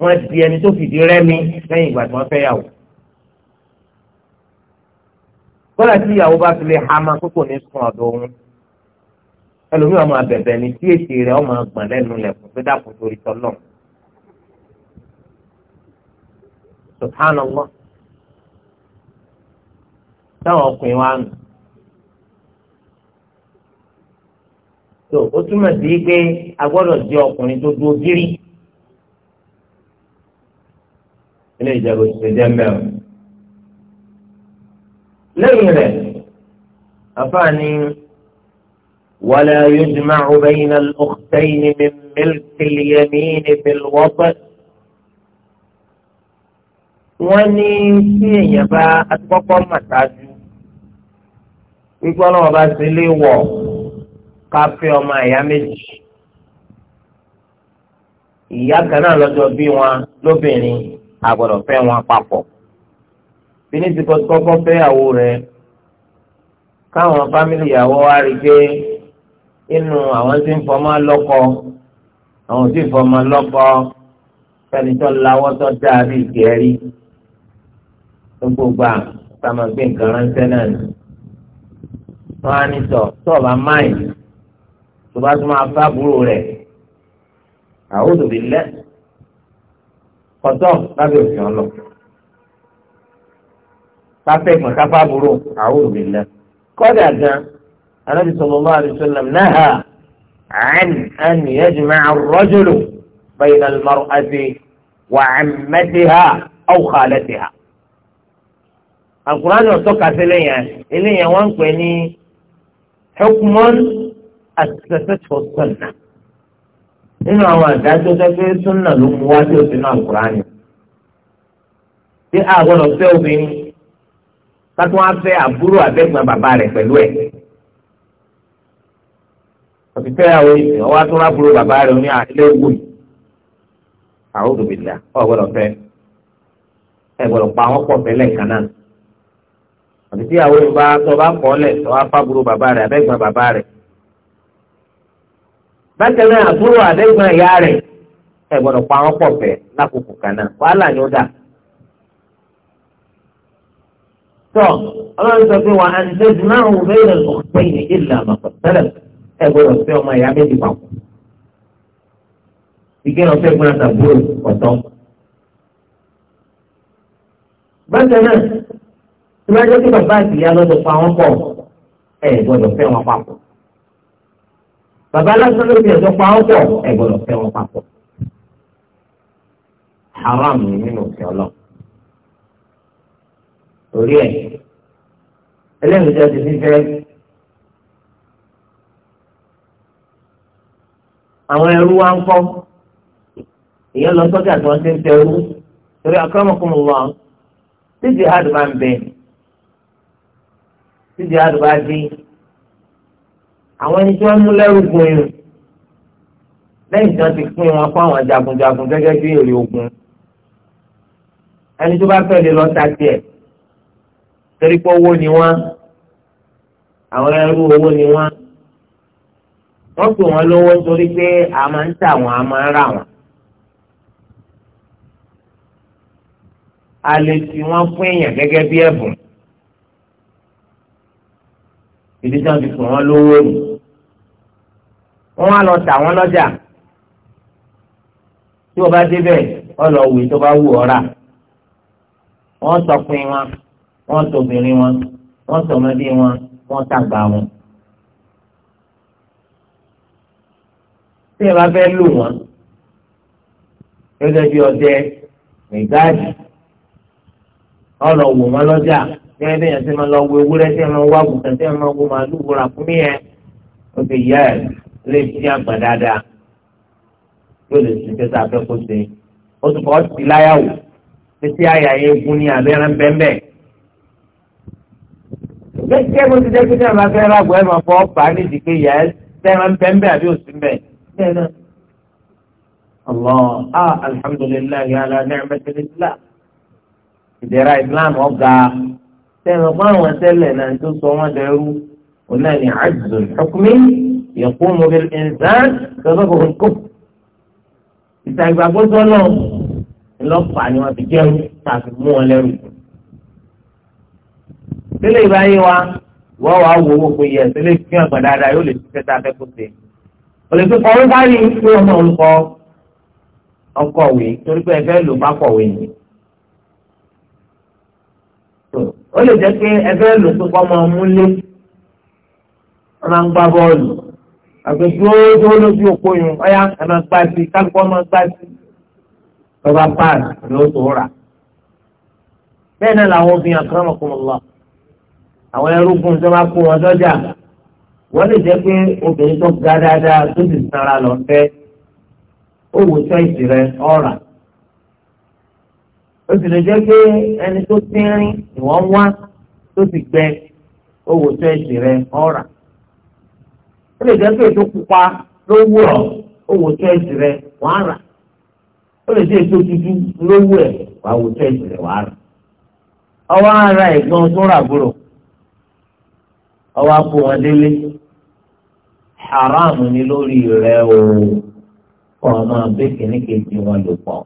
wọ́n di ẹni tó fìdí rẹ́mi lẹ́yìn ìgbà tí wọ́n fẹ́yàwó. kọ́lá tí ìyàwó bá fi lè ha máa kókò ní sùn ọ̀dọ̀ òun ẹlòmíràn máa bẹ̀bẹ̀ ni tí èsì rẹ̀ ọmọ gbọ̀n lẹ́nu lẹ̀kùn tó dàpọ̀ torí tọ́lọ̀ subhanallah táwọn ọkùnrin wa nù tó ó túmọ̀ sí pé a gbọ́dọ̀ jẹ́ ọkùnrin tó dúró gírí. ilé ìjọba òṣìṣẹ́ jẹ́ mẹ́rin. lẹ́yìn rẹ̀ àfààní wàlẹ́ yójúmọ́ ọ̀bẹ́yìn náà ọ̀kùtẹ́yìn mi mílíkìlì yẹmí ní bílwọ́pẹ́. wọ́n ní tí èèyàn bá akọ́kọ́ mọ̀ ṣáájú wípé ọlọ́wọ́ bá ṣe lé wọ̀ ọ́ ká fẹ́ ọmọ ìyá méjì ìyá kan náà lọ́jọ́ bí wọn lóbìnrin àgbọ̀dọ̀ fẹ́ wọn papọ̀ bí ní ti kọ́kọ́ fẹ́ ìyàwó rẹ̀ káwọn fámìlì ìyàwó wa rí i pé inú àwọn tí ń fọmọ lọ́kọ àwọn tí ń fọmọ lọ́kọ fẹnitọ́ lawọ́ tó dáa bí ìgbẹ́rí gbogbo gbà tá a máa gbé nǹkan ránṣẹ́ náà ni wọ́n á ní sọ tó o bá tó bá tún máa fá búrò rẹ̀ àwòdò bí lẹ́ kọ́tọ́ lábẹ́ òfin ọlọ káfẹ́ ìpín káfá búrò àwòdò bí lẹ́ kọ́dà gan anábì sallallahu alaihi wasallam naha an an yajma'a ar-rajulu bayna al-mar'ati wa 'ammatiha aw khalatiha àkùránì ọ̀tọ́ kàtẹ́lẹ̀ yẹn eléyẹn ń pè ní hukmun asẹsẹsọ sọnà nínú àwọn àdájọ tẹgbẹ sọnà ló mú wá sí òsínú àkùránì tí a gbọ́dọ̀ fẹ́ obìnrin kátó wá fẹ́ àbúrò abẹgbọn bàbá rẹ̀ pẹ̀lú ẹ̀ òfìfẹ́ àwọn èsì ọwọ́ atúnra àbúrò bàbá rẹ̀ ní ilé wò yìí àwọn òdòdó ọ gbọ́dọ̀ fẹ́ ẹ gbọ́dọ̀ pa àwọn pọ̀ fẹlẹ kan náà àbí tí àwọn Yorùbá tó bá kọ ọ lẹ tó wá fábúrò bàbá rẹ̀ abẹgbọn bàbá rẹ̀ bákan náà àbúrò àdẹ́gbọ̀n ìyá rẹ̀ ẹ gbọ́dọ̀ pa wọn pọ̀ fẹ́ lákòókò kan náà wàhálà ni ó dà. tọ́ ọlọ́run sọ pé wà á ṣe jù náà wò bẹ́ẹ̀ lọ sọ̀tẹ́ yìí ìlà àmàkọ̀ tẹ́lẹ̀ ẹ gbọ́dọ̀ fẹ́ ọmọ ìyá méjì papọ̀. ìgbẹ́ lọ fẹ́ gbọ́n àtàbúrò ọ̀tọ̀. bákan náà bàbá àti ìyá lọ́dọ̀ pa wọn pọ̀ ẹ gbọ́dọ̀ fẹ́ wọn papọ̀ bàbá lásán ló fi ẹ̀sọ́ pa ọ́ pọ̀ ẹ gbọ́dọ̀ fẹ́ wọn papọ̀ haram ni nínú òfin ọlọ́ torí ẹ ẹlẹ́nu jẹ́ ti fífẹ́ àwọn ẹrú wa ń kọ́ ìyẹn lọ sọ́jà tí wọ́n ti ń tẹ ẹrú torí akọ́mọkùnrin wa tí jihad máa ń bẹ tí jihad bá dín àwọn ẹni tí wọ́n mú lẹ́rù gun irun lẹ́yìn tí wọ́n ti pín wọn fún àwọn jagunjagun gẹ́gẹ́ bí èrè ogun ẹni tó bá fẹ́ lọ ta tiẹ̀ torí pé owó ni wọ́n àwọn ẹrú owó ni wọ́n wọ́n pè wọ́n lówó nítorí pé a máa ń tà wọ́n a máa ń rà wọ́n. a lè fi wọ́n fún èèyàn gẹ́gẹ́ bí ẹ̀bùn ibi tí wọ́n ti sùn wọ́n lówó nù wọ́n wá lọ tà wọ́n lọ́jà tí wọ́n bá débẹ̀ wọ́n lọ wù tó bá wù ọ́ rà wọ́n tọpin wọn wọ́n tobìnrin wọn wọ́n tọmọdé wọn wọ́n tàgbà wọn. tí ẹ bá fẹ́ lù wọ́n gẹ́gẹ́ bí ọdẹ mẹgáàdì ọ̀nà wò wọ́n lọ́jà gẹ́gẹ́ bí èèyàn ti máa lọ wo ewúrẹ́ tí wọ́n wá àgùntàn tí wọ́n wo màálù wúra fún mi yẹn ó fi yá ẹ̀ lè fi àgbà dáadáa yóò lè sùn pé sáà fẹ́ kó ṣe ó tún kọ́ sí láyàwó títí àyà yẹn gún ní abẹ́rẹ́ bẹ́ẹ̀ gẹ́gẹ́ bó ti jẹ́ tí wọ́n bá fẹ́ rà bọ́ máa fọ́ pa nídìí pé ìyá ẹ̀ fẹ́ràn bẹ́ẹ̀ àbí òsì bẹ́ẹ̀ bẹ́ẹ̀ náà tẹnu fún àwọn tẹ́lẹ̀ náà tó sọ wọ́n dẹrú òun náà ní àjùzùn hukmi yaqumu bil insan sababu al-kufr. ìta ìgbàgbọ́ sọ́nà ńlọ́pàá ni wọ́n ti jẹ́rú tàbí mú wọn lẹ́rù. sílẹ̀ ìbáyé wa wọ́n wàá wo owó pé yẹ sílẹ̀ fi hàn gbàdáadáa yóò lè ṣiṣẹ́ tá a fẹ́ kó ṣe. olùkọ́ kọ́ wípé wọ́n náà ń kọ́ ọkọ̀wé torí pé ẹ fẹ́ lò bá kọ̀wé yìí. ó lè jẹ́ pé ẹgbẹ́ lò pé kọ́ máa mú lé wọ́n máa ń gbá bọ́ọ̀lù àgbẹ̀ dúró lójú òpó yun ọ̀yá ẹ máa gbá sí kálukọ́ máa gbá sí lọ́ba páàlì ló tó rà bẹ́ẹ̀ náà làwọn obìnrin àkàràmọ̀kùnmọ̀lá àwọn ẹrúgbìn tó máa kó wọn sọ́jà wọ́n lè jẹ́ pé obìnrin tó ga dáadáa tó sì sanra lọ ó wò sọ́ìsì rẹ ọ̀rà ó sì lè jẹ́ pé ẹni tó tínrín ìwọ̀n wá tó sì gbẹ owó tó ẹ̀sìn rẹ ọ̀rà ó lè jẹ́ pé ètò pupa ló wù ọ́ owó tó ẹ̀sìn rẹ wàá rà ó lè jẹ́ ètò dúdú ló wù ẹ̀ wàá wò tó rẹ wàá rà ọwọ́ ara ẹ̀gbọ́n tó rà gbúrò ọwọ́ apò wọn délé haram ni lórí rẹ o ọmọ abẹ́kẹ́ ní wọn lò pọ̀.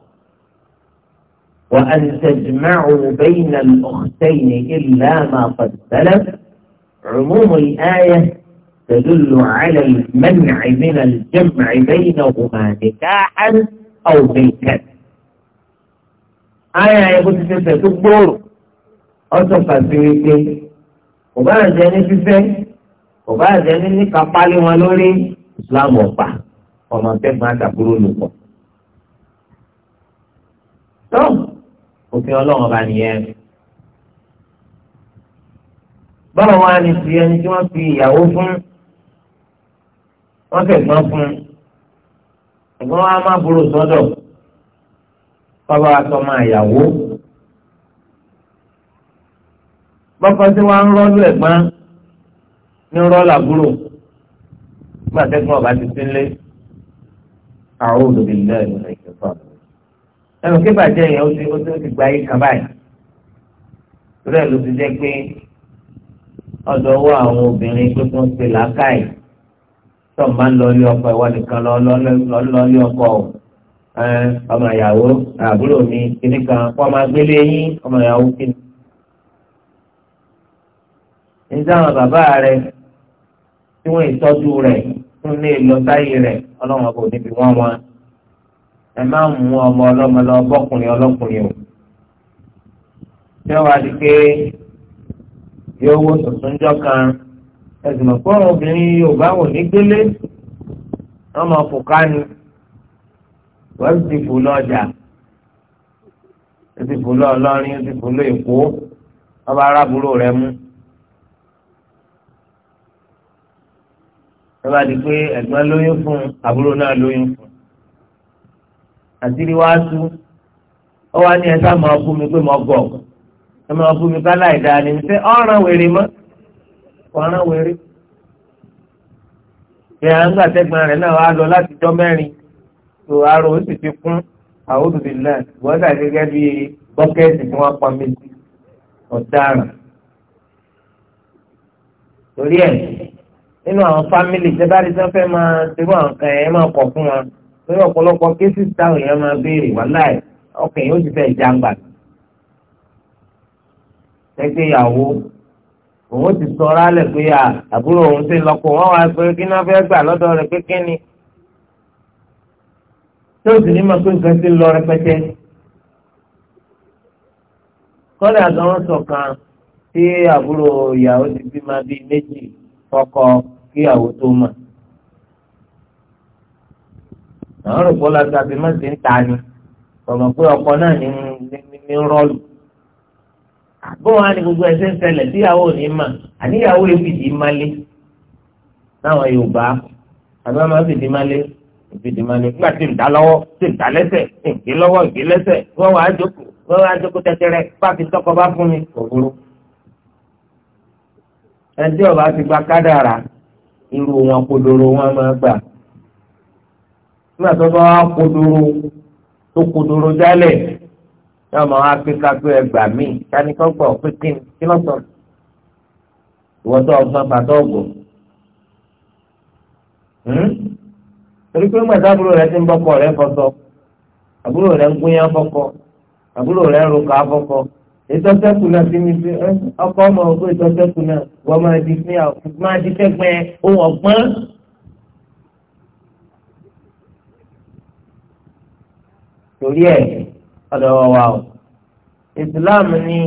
وأن تجمعوا بين الأختين إلا ما قد سلف عموم الآية تدل على المنع من الجمع بينهما نكاحا أو ملكا آية يقول سيسة تكبر أصفى سيويتي وبعد ذلك سيسة وبعد ذلك كبالي ولوري إسلام وفا ومن تفعل تقولون لكم òfin ọlọ́run ọba nìyẹn. báwo wá ní ti ẹni tí wọ́n fi ìyàwó fún wọ́n fẹ̀gbọ́n fún ẹ̀gbọ́n wa máa burú sọ́dọ̀ bàbá wa sọ máa yàwó bọ́kọ tí wọ́n ń rọ́lú ẹ̀gbọ́n ní rọ́lá burú gbàtẹ́gbọ́n ọba ti sílé àwọn olùdílé ẹ̀ ló ń ẹnu kí bàjẹ́ yẹn ó ti ó ti gba yìí kan báyìí rẹ̀ ló ti jẹ́ pé ọ̀dọ̀ wọ àwọn obìnrin pé kí wọ́n ṣe làákàyè tó ń bá ń lọlé ọkọ ìwọ nìkan lọlé ọkọ o ọmọ ìyàwó àbúrò mi kìíní kan wọ́n máa gbélé yín ọmọ ìyàwó kìíní. níta àwọn bàbá rẹ̀ tí wọ́n ìtọ́jú rẹ̀ tún lè lọ sáyé rẹ̀ ọlọ́run ọkọ̀ níbi wọ́n wọn ẹ má mú ọmọ ọlọ́mọ lọ bọ́kùnrin ọlọ́kùnrin o tí wọ́n wá di pé yóò wó tuntun jọ kan ẹ̀sìn ọ̀pọ̀ obìnrin yorùbá wò ní gbélé ọmọ fòká ni wọ́n ti fò lọ́jà ti fò lọ́ ọlọ́rin ti fò lọ́ èkó ọba arábúrò rẹ mú. ẹ bá di pé ẹ̀gbọ́n lóyún fún àbúrò náà lóyún fún àtìrí wá tú ọ wá ní ẹ sá máa bú mi pé mo gọ̀ ẹ máa bú mi kálá ìdá ni mi fẹ́ ọ̀ràn wèrè mọ́ ọ̀ràn wèrè. bí a ń gbà tẹ́gbọ̀n rẹ̀ náà wá lọ láti jọ́ mẹ́rin tó arò ó sì ti kún àwọn òbí náà gbọ́dọ̀ gẹ́gẹ́ bí bọ́kẹ́ẹ̀tì tí wọ́n pa mi sí ọ̀daràn. torí ẹ̀ nínú àwọn fámìlì tẹ́ bá rí sọ́fẹ́ máa ṣerú àwọn kan ẹ̀ máa kọ̀ fún wọn torí ọ̀pọ̀lọpọ̀ kéésì táwọn èèyàn máa béèrè wàláì ọkàn yóò ti fẹ́ jàǹgbà. ẹgbẹ́ ìyàwó òun ti sọ rálẹ̀ pé àbúrò òun ti lọ́kọ̀ wọ́n wá pé kí náà fẹ́ gbà lọ́dọ̀ rẹ̀ pé kí ni. tó sì ní máa pé nǹkan ti lọ rẹpẹtẹ. kọ́lẹ̀ àtọ́wọ́n sọ̀kan tí àbúrò ìyàwó ti bí máa bí méjì fọ́kọ kíyàwó tó mọ̀ àwọn rò bọ́lá tàbí mọ́sí ń ta ni ọ̀mọ̀ pé ọkọ náà ní ní rọ́ọ̀lù. àbọ̀ wọn ni gbogbo ẹsẹ̀ ń ṣẹlẹ̀ síyàwó ní mà àníyàwó ìfìdí málé náwọn Yorùbá àbí wọn máa fìdí málé ìfìdí málé nígbà tí ń dá lọ́wọ́ tí ń dá lẹ́sẹ̀ ìgbé lọ́wọ́ ìgbé lẹ́sẹ̀ wọ́n wàá jókòó wọ́n wàá jókòó tẹ́tẹ́rẹ́ bá fi tọ́kọ bá fún mi òwúrọ̀. ẹni tí ọba ti gba kádàrà irú wọn kodoro wọn máa gbà nígbà tó bá wá kodoro tó kodoro jálẹ̀ yóò máa wá pé kápẹ́ ẹgbà mí tani kọ́ gbọ́ pé kí ni kí lọ́sọ̀ ìwọ́n tó ọgbọ́n pàtó ọ̀gbọ̀n torí pé ńgbà tábúrò rẹ ti ń bọ́kọ rẹ fọṣọ àbúrò rẹ ń gúnyán fọkọ àbúrò rẹ ń rúkà fọkọ ìtọ́sẹ́kù náà ti ní fi ọkọ ọmọ ògbó ìtọ́sẹ́kù náà wọ́n máa di fún yà ohun ọ̀gbọ́n. torí ẹ̀ ọ̀dọ̀ wọ̀ wá o ìsìláàmù ni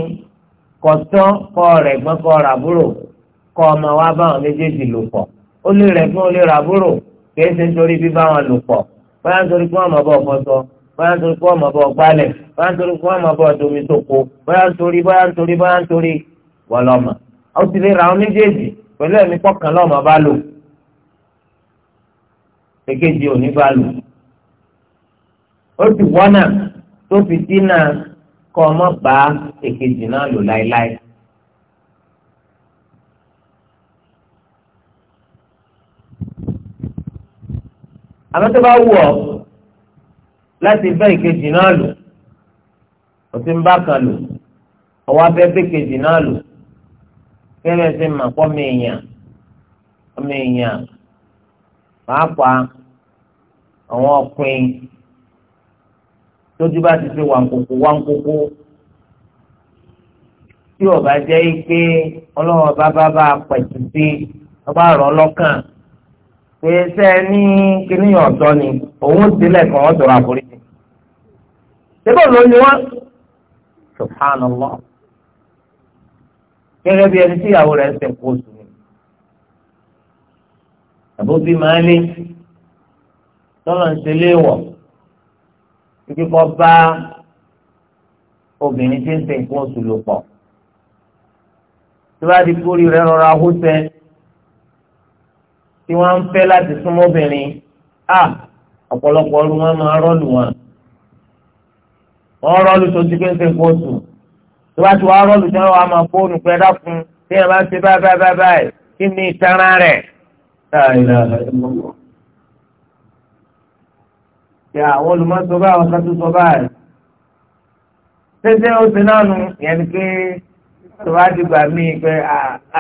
kọ̀tọ́ kọ́ rẹ̀ gbọ́n kọ́ ràbúrò kọ́ ọmọ wa báwọn méjèèjì lò pọ̀ ó lè rẹ̀ gbọ́n ó lè ràbúrò kìí ṣe nítorí bí báwọn lò pọ̀ bóyá nítorí pé ọmọ bọ̀ fọ́sọ bóyá nítorí pé ọmọ bọ̀ gbálẹ̀ bóyá nítorí pé ọmọ bọ̀ domi soko bóyá nítorí bóyá nítorí bóyá nítorí wọlọ́mọ ó sì lè ra àwọn méjèèjì pẹ̀lú ẹ̀mí pọ̀kan lọ́mọ bá lò èkejì ò ní bá lò ó sì wọ́nà tó fi dínà kọ́ ọmọ bá èkejì náà lò láéláé. àmọ́ tó bá wù ọ́ láti bá ìkejì náà lò ó ti ń bá kan lò ọwọ́ abẹ́ bẹ́kejì náà lò kẹ́lẹ́ ṣe mà pọ́ mi èèyàn ọmọ èèyàn pàápàá àwọn ọkùnrin tójú bá ti ṣe wàǹkókó wàǹkókó tí ọba jẹ́ pé ọlọ́wọ́ bá bá bá pẹ̀tù sí ọba rọ̀ lọ́kàn pé ṣe é ní kíní ọ̀tọ̀ ni òun sílẹ̀ kan ọ̀tọ̀rọ̀ àforíjì. Débò ló ní wọ́n subhanallah gẹ́gẹ́ bí ẹni tí ìyàwó rẹ̀ ń sẹ̀kú oṣù ni. Àbóbí máa lé tọ́lọ̀ ń ṣe léèwọ̀ ibi kọ́ bá obìnrin tí ń ṣe nǹkan oṣù lò pọ̀ tí wọ́n á di kórìí rẹ̀ rọra hóṣẹ́ tí wọ́n ń fẹ́ láti súnmọ́ obìnrin a ọ̀pọ̀lọpọ̀ ọdún wọn máa rọ́ọ̀lù wọn wọ́n rọ́ọ̀lù tó ti pé ń ṣe nǹkan oṣù tí wọ́n ti wá rọ́ọ̀lù tí wọ́n máa fóònù pẹ́ dákun tí wọ́n bá ń ṣe báyìí báyìí báyìí kí ni ìtara rẹ̀ pé àwọn olùmọ̀sọ bá àwọn kan tó sọ báyìí. tẹ́tẹ́ oṣù náà nu yẹn ni pé tó bá ti gbà mí pé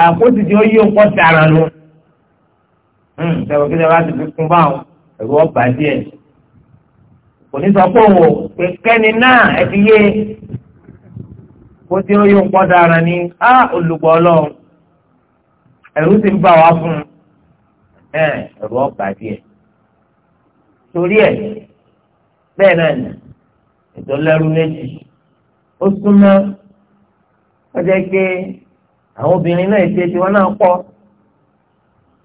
àkóso tí ó yí nǹkan dára nu. sọ̀rọ̀ kí ni wọ́n á ti fi kún báwọn ẹ̀rọ ọba díẹ̀. kò ní sọ pé òwò pé kẹ́ni náà ẹ ti yé kó tí ó yí nǹkan dára ni á olùgbọ́ ọlọ́run ẹ̀rù ti ń bà wá fún un ẹ̀rọ ọba díẹ̀. torí ẹ̀ bẹ́ẹ̀ náà ni ètò lẹ́rú méjì ó súnmọ́ ó jẹ́ pé àwọn obìnrin náà ètò tiwọn náà pọ̀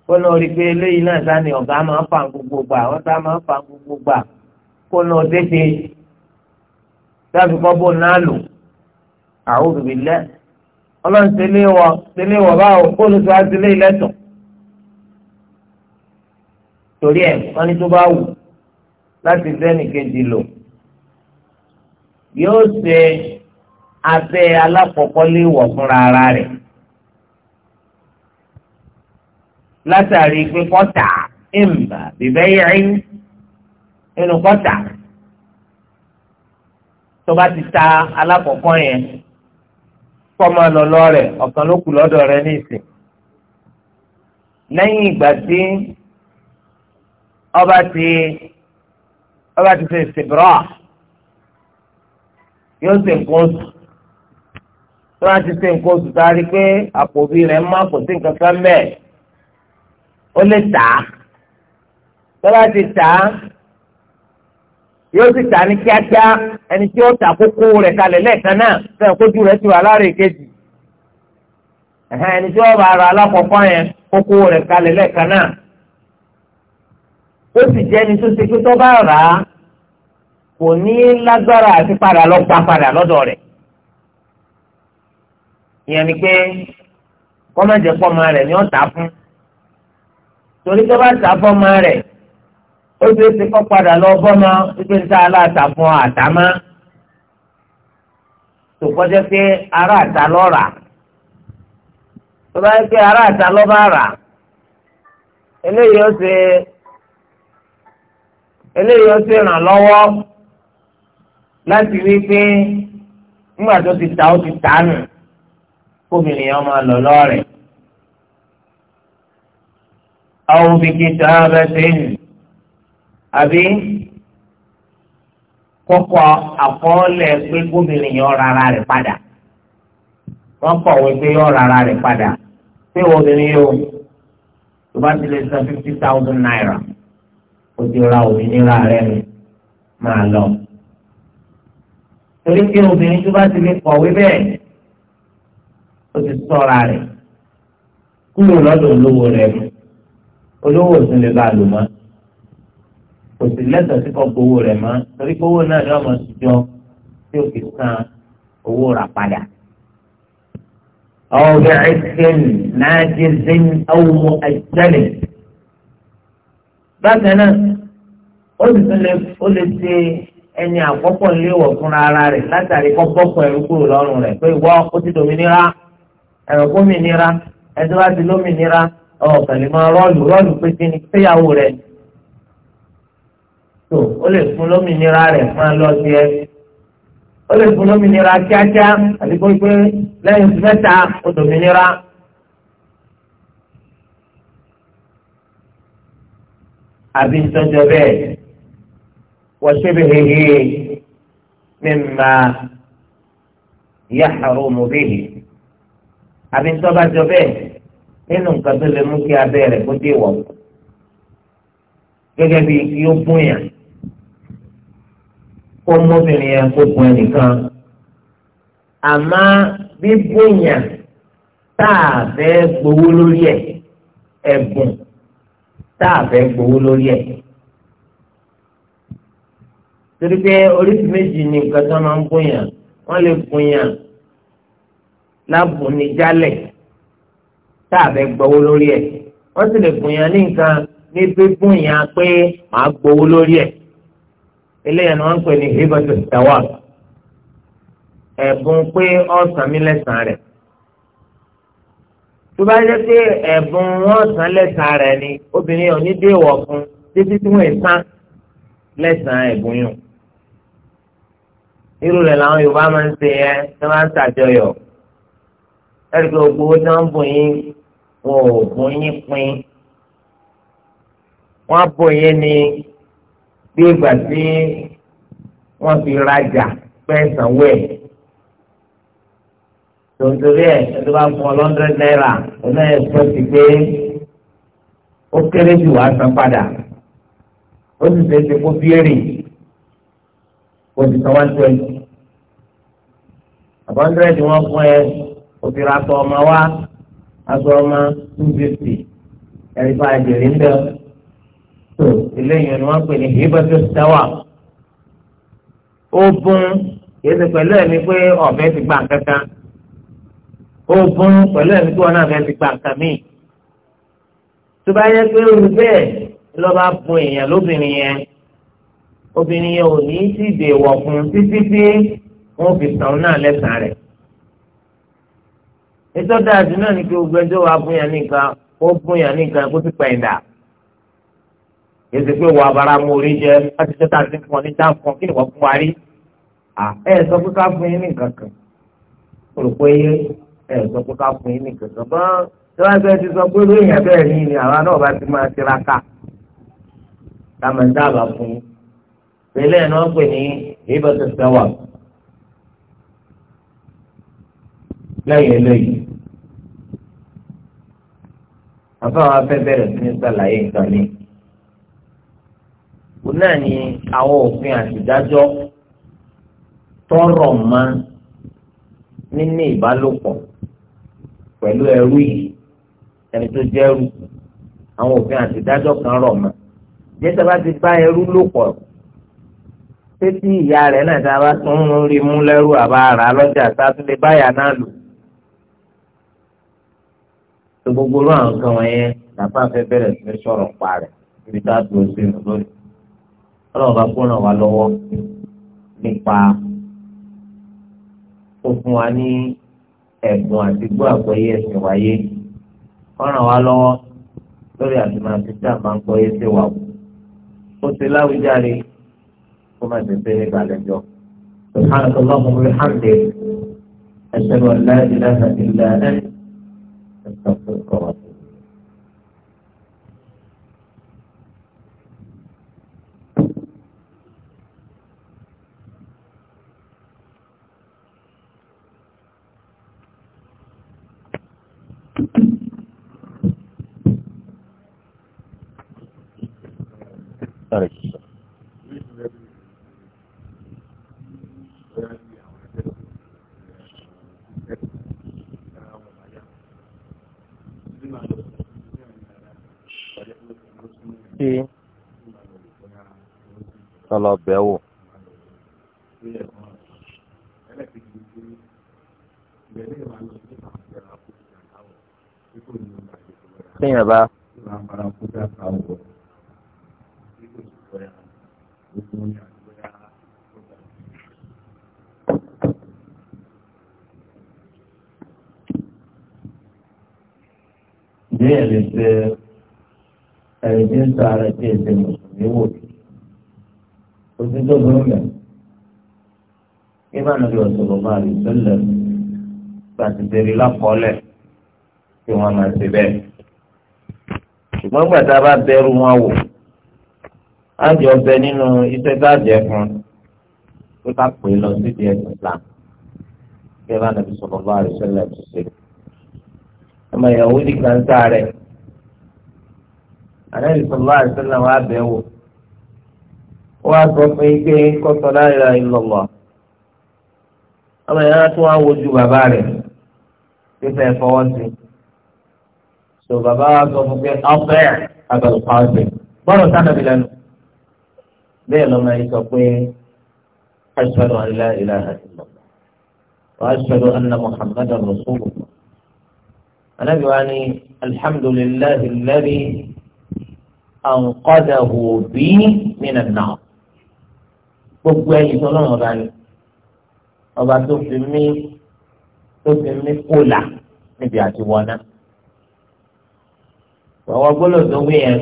kó náà rí i pé eléyìí náà sáni ọ̀gá máa ń fa gbogbo gbà àwọn sá máa ń fa gbogbo gbà kó náà tètè sáfi kọ́ bó náà lò àwọn obìnrin lẹ́ ọlọ́run tẹ́lẹ̀ wọ tẹ́lẹ̀ wọ báwo kó ló sọ àtìlẹ́yìn lẹ́tọ̀ọ́ torí ẹ̀ wọ́n ní tó bá wù láti fẹ́ni kejì lò yóò ṣe abẹ́ alákọ̀ọ́kọ́ léèwọ̀ fúnra ara rẹ̀ látàrí pé kọ́tà ìmà bíbẹ́ yẹn nínú kọ́tà tó bá ti ta alákọ̀ọ́kọ́ yẹn kọ́ máa lọ lọ́rẹ̀ ọ̀kan ló kù lọ́dọ̀ rẹ nísìn lẹ́yìn ìgbà tí ọba ti ọba ti ṣe ìsìnbọ̀rọ̀ yóò ṣe nǹkan oṣù tí wọ́n ti ṣe nǹkan oṣù tá a rí i pé àpòbí rẹ̀ má kò sí nǹkan kan bẹ́ẹ̀ ó lè tà á tọ́ba ti tà á yóò sì tà ní kíákíá ẹni tí ó tà kókó rẹ̀ kalẹ̀ lẹ́ẹ̀kan náà fẹ́ẹ̀ kójú rẹ̀ ti wà lára èkejì ẹni tí ó bá ra alákọ̀ọ́kọ́ yẹn kókó rẹ̀ kalẹ̀ lẹ́ẹ̀kan náà ó sì jẹ́ ẹni tó ṣe pé tó bá rà á kò ní lágbára àti padà lọ gba padà lọ́dọ̀ rẹ̀ ìyẹn ni pé kọ́mọ̀jẹ̀ pọ̀ ọmọ rẹ̀ ni ó tà fún torí tó bá tà fún ọmọ rẹ̀ ó ṣe é ṣe kọ́ padà lọ bọ́mọ wípé níta aláàtà fún àtàmọ́ tó kọjá pé ará àtà lọ́ra tó bá yẹ pé ará àtà lọ́ba rà eléyìí ó ṣe eléyìí ó sì ràn lọ́wọ́ láti rí pé nígbà tó ti ta ó ti ta nù kóbìnrin yẹn máa lọ lọ́rẹ̀. àwọn obìnrin tá a bẹ ṣe ń àbí kọ́kọ́ àkọọ́lẹ̀ pé kóbìnrin yẹn rárá rẹ̀ padà wọ́n kọ̀wé pé yọ rárá rẹ̀ padà pé obìnrin yóò tó bá ti lè san fifty thousand naira o ti ra òmìnira rẹ mi máa lọ. torí pé obìnrin tó bá ti lè kọ̀wé bẹ́ẹ̀ o ti sọ́ra rẹ̀ kúrò lọ́dọ̀ olówó rẹ̀ mu olówó ò sì lè bá a lò mọ́ kò sì lẹ́tọ̀ọ́ sí kọ́kọ́ owó rẹ̀ mọ́ torí pé owó náà ni ọmọ ti jọ tí o fi san owó rà padà. أو بعتق ناجز أو مؤجل bákan náà ó sì tún lè ó lè ṣe ẹni àkọ́kọ́ léèwọ̀ fúnra ara rẹ̀ látàrí kọ́kọ́kọ́ ẹ̀rú kúrò lọ́rùn rẹ̀ pé ìwọ ó ti dòmìnira ẹ̀rọ gómìnira ẹjọ́ bá ti lómìnira ọ̀kàn lè máa rọ́ọ̀lù rọ́ọ̀lù pé kí ni péyàwó rẹ̀ tó ó lè fún lómìnira rẹ̀ fún alọ́ tiẹ̀ ó lè fún lómìnira kíákíá àti pé lẹ́yìn mẹ́ta ó dòmìnira. àbí ntọ́jọ́ bẹ́ẹ̀ وشبهه مما يحرم به àbí ntọ́jọ́ bẹ́ẹ̀ nínú nǹkan tó lè mú kí abẹ́ rẹ̀ kó dé wọ̀ gẹ́gẹ́ bí kí gún yàn kó mọ́bìnrin yẹn kó gun ẹnìkan àmọ́ bí gún yàn tá a fẹ́ gbowó lórí ẹ̀ ẹ̀bùn. E tá a fẹ́ gbowó lórí ẹ̀. torí pé oríṣi méjì ni nǹkan tó máa ń gbóyàn wọ́n lè gbóyàn lábùnijálẹ̀ tá a fẹ́ gbowó lórí ẹ̀ wọ́n sì lè gbóyàn ní nǹkan ní gbígbóyàn pé màá gbowó lórí ẹ̀. eléyàn ni wọ́n ń pè ní hibatu tawa ẹ̀bùn pé ọ̀sán mi lẹ́sàn-án rẹ̀ tó bá yẹ pé ẹ̀bùn wọn san lẹ́sàn-án rẹ̀ ni obìnrin ò ní dé ìwọ̀ fún títí tí wọ́n san lẹ́sàn-án ẹ̀bùn yìí irú rẹ̀ làwọn Yorùbá máa ń ṣe yẹn tí wọ́n máa ń ṣàjọyọ̀ ẹ̀rí pé gbogbo tí wọ́n ń bùn yín wọn ò bùn yín pin wọ́n bùn yín ni bí ìgbà tí wọ́n fi rajà pẹ́ sanwó ẹ̀ tòǹtòrí ẹ̀ ẹ̀dọ́ bá fún ọ lọ́ndrẹ́d náírà ọ̀nà ẹ̀fọ́ ti pé ó kéré jù wá san padà ó sì ṣe é ṣe kó bíèrè kó ti san one twenty àbọ̀ndrẹ́d wọn fún ẹ òtìrà aṣọ ọmọ wa aṣọ ọmọ two fifty ẹ̀rí bá ẹ̀jẹ̀rì ń tó eléyìí ni wọ́n pè ní hibatus tawa ó bún yéé ṣe pẹ̀lú ẹ̀mí pé ọ̀bẹ ti gbà kankan oògùn pẹ̀lú ẹ̀mí tí wọn náà fẹ́ẹ́ fi gba nǹkan míì tó bá yẹ pé olú bẹ́ẹ̀ lọ́ba bun èèyàn lóbìnrin yẹn obìnrin yẹn ò ní í sì dèwọ̀ fún títí tí wọ́n fi sàn náà lẹ́sàn rẹ̀ ìtọ́jú àti náà ni pé gbogbo ẹjọ́ wa bun yẹn nìkan ó bun yẹn nìkan kó ti pẹ̀yìndà èsì pé wà abara mú orí jẹ láti ṣe tá a ti fún ọ ní jáfún kí ni fún wa rí ẹ sọ pé ká fún yín ní kan olùkọ́ ẹ sọ pé ká fún yín ní kankan bọ́n tí wọ́n fẹ́ ti sọ pé lóyìn bẹ́ẹ̀ ni ni àwa náà bá ti máa tiraka ká máa dábàá fún yín pẹ̀lẹ́ ni wọ́n pè ní ìbọn tẹ̀sán wà. lẹ́yìn eléyìí àfáwọn afẹ́bẹ̀rẹ̀ sí ní sàlàyé nǹkan ni náà ní àwọn òfin àtìdájọ́ tọrọ máa níní ìbálòpọ̀ pẹ̀lú ẹrú yìí ẹni tó jẹ́ ẹrú àwọn òfin àti ìdájọ́ kan rọ̀ mọ́ jẹ́sẹ̀ bá ti bá ẹrú lò pọ̀ ṣé tí ìyá rẹ̀ náà tá a bá tún ń rí mú lẹ́rú àbá ara lọ́jà tá a tún lè báyà náà lò tó gbogbo rú àwọn nǹkan wọ̀nyẹn làbá fẹ́ bẹ̀rẹ̀ sí sọ̀rọ̀ pa rẹ̀ ibi tá a dúró sí ìlú lónìí ọlọ́run bá kó ràn wá lọ́wọ́ nípa kó fún wa ní ẹ̀bùn àti gbọ́ àgbọ́yé ẹ̀sìn wáyé wọ́n ràn wá lọ́wọ́ lórí àti máa fi tá a máa ń gbọ́ yé sí wa o ó ti láwùjáre kó má ti fẹ́ nípa سبحانك اللهم وبحمدك أشهد أن لا إله إلا أنت sí ọlọ́bẹ̀ wò. Téèyàn bá. Ìbéèrè ṣe ẹni tí ń sọ ara tí èsè mùsùlùmí wò òtítọ́ gómìnà ìmọ̀ àná lọ sọ̀rọ̀ máa lè sọ́lẹ̀ láti tẹ̀lé lákọ́ọ́lẹ̀ kí wọ́n máa ṣe bẹ́ẹ̀. ṣùgbọ́n gbàtà bá bẹ̀rù wọn wò á jọ bẹ nínú iṣẹ́ dájẹ́ fún pé ká pè é lọ síbi ẹ̀sìn Islam kí ẹ bá nàbí sọ̀rọ̀ máa lè sọ́lẹ̀ tó ṣe. ọmọ ìyàwó ní kan sáré. àlẹ́bí sọlá àìsílẹ̀ wà bẹ̀ wò ó wá sọ fún yín pé kó sọ la ilaha illallah ọmọ yẹn á tún wá wojú bàbá rẹ̀ fífẹ́ fọwọ́ sí so bàbá wa sọ fún pé ọfẹ́ abẹ́lùkọ́sẹ̀ bọ́ọ̀lù sánàbí lẹ́nu bẹ́ẹ̀ lọ́mọ yìí sọ pé ashhadu an la ilaha illallah wa ashhadu anna muhammadan rasulullah anabi wa ni alhamdulillahi alladhi. àǹkọ́dàhù òbí nínú náà gbogbo ẹ̀yìn tó lọ́wọ́ bá ní ọba tó fi mí tó fi mí kólà níbi àti wọná àwọn gbólóòtú wí yẹn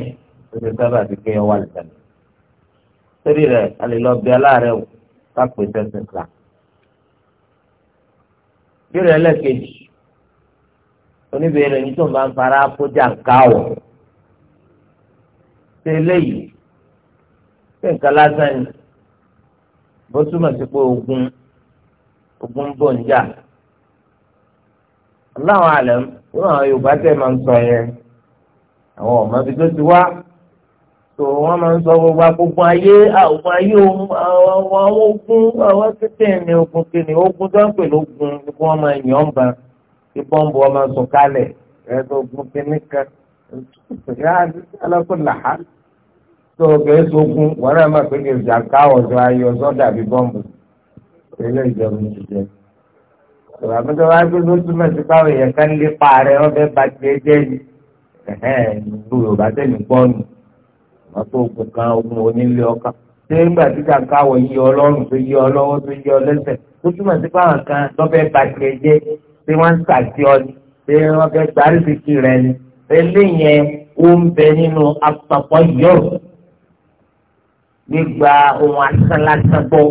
ó ti sábà ti kéèyàn wà lẹ́nu torí rẹ̀ alìlọ́bí aláàárẹ̀ wò kápẹ́ sẹ́sìn kà bí rẹ̀ lẹ́ẹ̀kejì oníbèrè ní tó máa ń fara kó jà ń káwọ̀ ṣe eléyìí ṣé nǹkan lásán ni bó túmọ̀ sí pé ogun ogun bò ń jà aláwọn àlẹ́ nínú àwọn Yorùbá tẹ̀ máa ń sọ yẹn àwọn ọmọ ibi tó ti wá tó wọ́n máa ń sọ gbogbo agbogbo ayé àwọn ayé àwọn ogun àwọn títí ní ogun kìíní ogun tó ń pè lógun ni kí wọ́n máa yàn ba kí bọ́ǹbù wọn máa sọ kálẹ̀ ẹ̀ẹ́dọ̀ ogun kìíní kan alákòlà hàlù tó o kẹ́ẹ́ sógun wọn náà má pé kẹsà ká ọ̀dọ̀ ayọ̀ sọ́dà bí bọ́ǹbù ilé ìjọba ti jẹ. Ìwà mi tó wá gbé tó túmọ̀ sí káwọn èèyàn kan lé paarẹ́ wọn fẹ́ ba tiẹ̀ jẹ́ ni. Ìlú Yorùbá tẹ̀lé pọ́ọ̀nù. Wọ́n tó ogun kan ogun onílé ọkàn. Ṣé nígbà tí kàkà wọ̀ yí ọ lọ́rùn tó yí ọ lọ́wọ́ tó yí ọ lẹ́sẹ̀? Tó túmọ̀ sí káwọn kan lọ́ fẹ́ ba tiẹ̀ jẹ́. Ṣé wọ́n ń sàkí ọ ni? Ṣé wọ́n fẹ́ gbárísìkì rẹ ni? Ṣé lé yẹn ó ń bẹ nínú apapọ̀ yọ̀rọ̀? gbígba ohun asán lásán gbọ́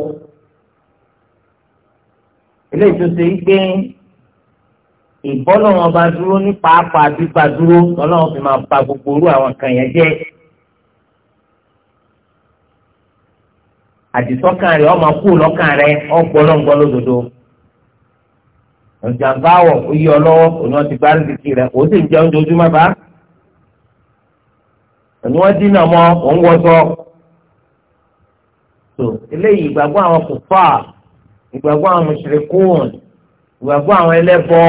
eléyìí tó ṣe gbé ìbọ́lọ́wọ́n bá dúró ní pàápàá gbígba dúró lọ́lọ́wọ́n fi máa ba gbogbo orú àwọn kan yẹn jẹ́. àdìsọ́kàn rẹ̀ ọmọ kú lọ́kàn rẹ̀ ọ̀pọ̀lọ́ngbọ́ lódodo. ìjàmbá wọ̀ ó yí ọ lọ́wọ́ òní wọ́n ti bá rìsìkì rẹ̀ ó sì ń jẹun dojúmọ́ bá. òní wọ́n dínà mọ́ òun wọ́sọ so eléyìí ìgbàgbọ́ àwọn kùfà ìgbàgbọ́ àwọn mùsùlùkùn ìgbàgbọ́ àwọn ẹlẹ́bọ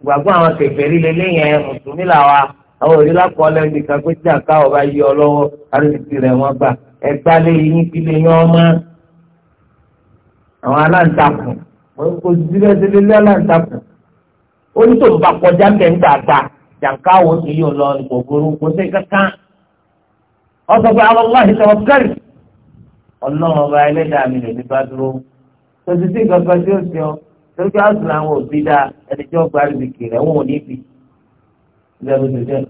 ìgbàgbọ́ àwọn kèfèrí lélẹ́yìn mùsùlùmí làwa àwọn òrí lákọọ́lẹ̀ ibi kan pé tí àká ọba yí ọ lọ́wọ́ arúgbìtì rẹ̀ wọ́n gbà ẹgbà lẹ́yìn kí lè yan ọmọ àwọn aláǹtakùn kò síbẹ̀ síbẹ̀ lé aláǹtakùn ó ní tòun bá kọjá bẹ́ẹ̀ ń gbàgbà jàǹkáwó ti yí ọ lọ ìpòkòrò kò sí kankan ọ ọlọ́run ọba ẹlẹ́dàá mi lè ní bá dúró tòtí sí nǹkan kan tí ó sọ lójú àtúnṣe àwọn òbí dáa ẹni tí wọ́n gba rìbìkì rẹ̀ wọ́n ò ní bì lẹ́nu tó jẹ́.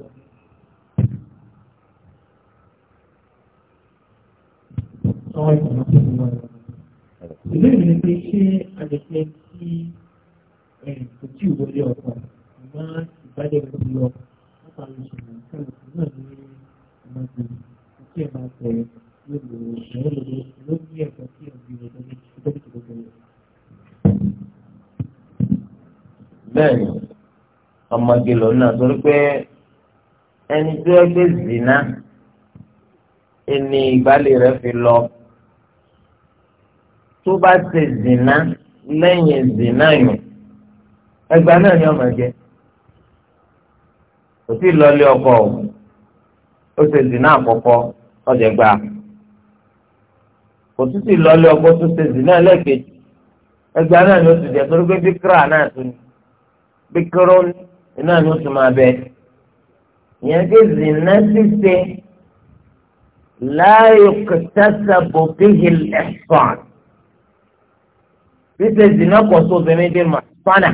ìlú ìlú pé ṣé àgbẹ̀fẹ́ tí kò tí ì wọlé ọkọ̀ àmọ́ ìbádẹ́ rẹ̀ ti lọ látàrí ìṣẹ̀lẹ̀ ìṣẹ̀lẹ̀ náà ní ọmọdé tí ẹ̀ máa tẹ̀lé bẹ́ẹ̀ni ọmọge lòun náà torí pé ẹni tó ẹgbẹ́ zina ẹni ìgbálẹ̀ rẹ̀ fi lọ tó bá ṣe zina lẹ́yìn zina yìí ẹgbà náà ni ọmọ jẹ kò sí lọlé ọkọ o ó ṣe zina àkọ́kọ́ ọjà gbà kò tún sì lọ́lé ọkọ tó ṣe zì náà lẹ́ẹ̀kejì ẹgbẹ́ náà ni ó ti jẹ́ torí pé bíkírà náà tún ni bíkírà náà ni ó tún máa bẹ ìyẹn pé zì náà ti ṣe láàyò kìtàṣà bò bíhì lẹ́sàn ṣíṣe zì náà pọ̀ tó obìnrin dé mà sánà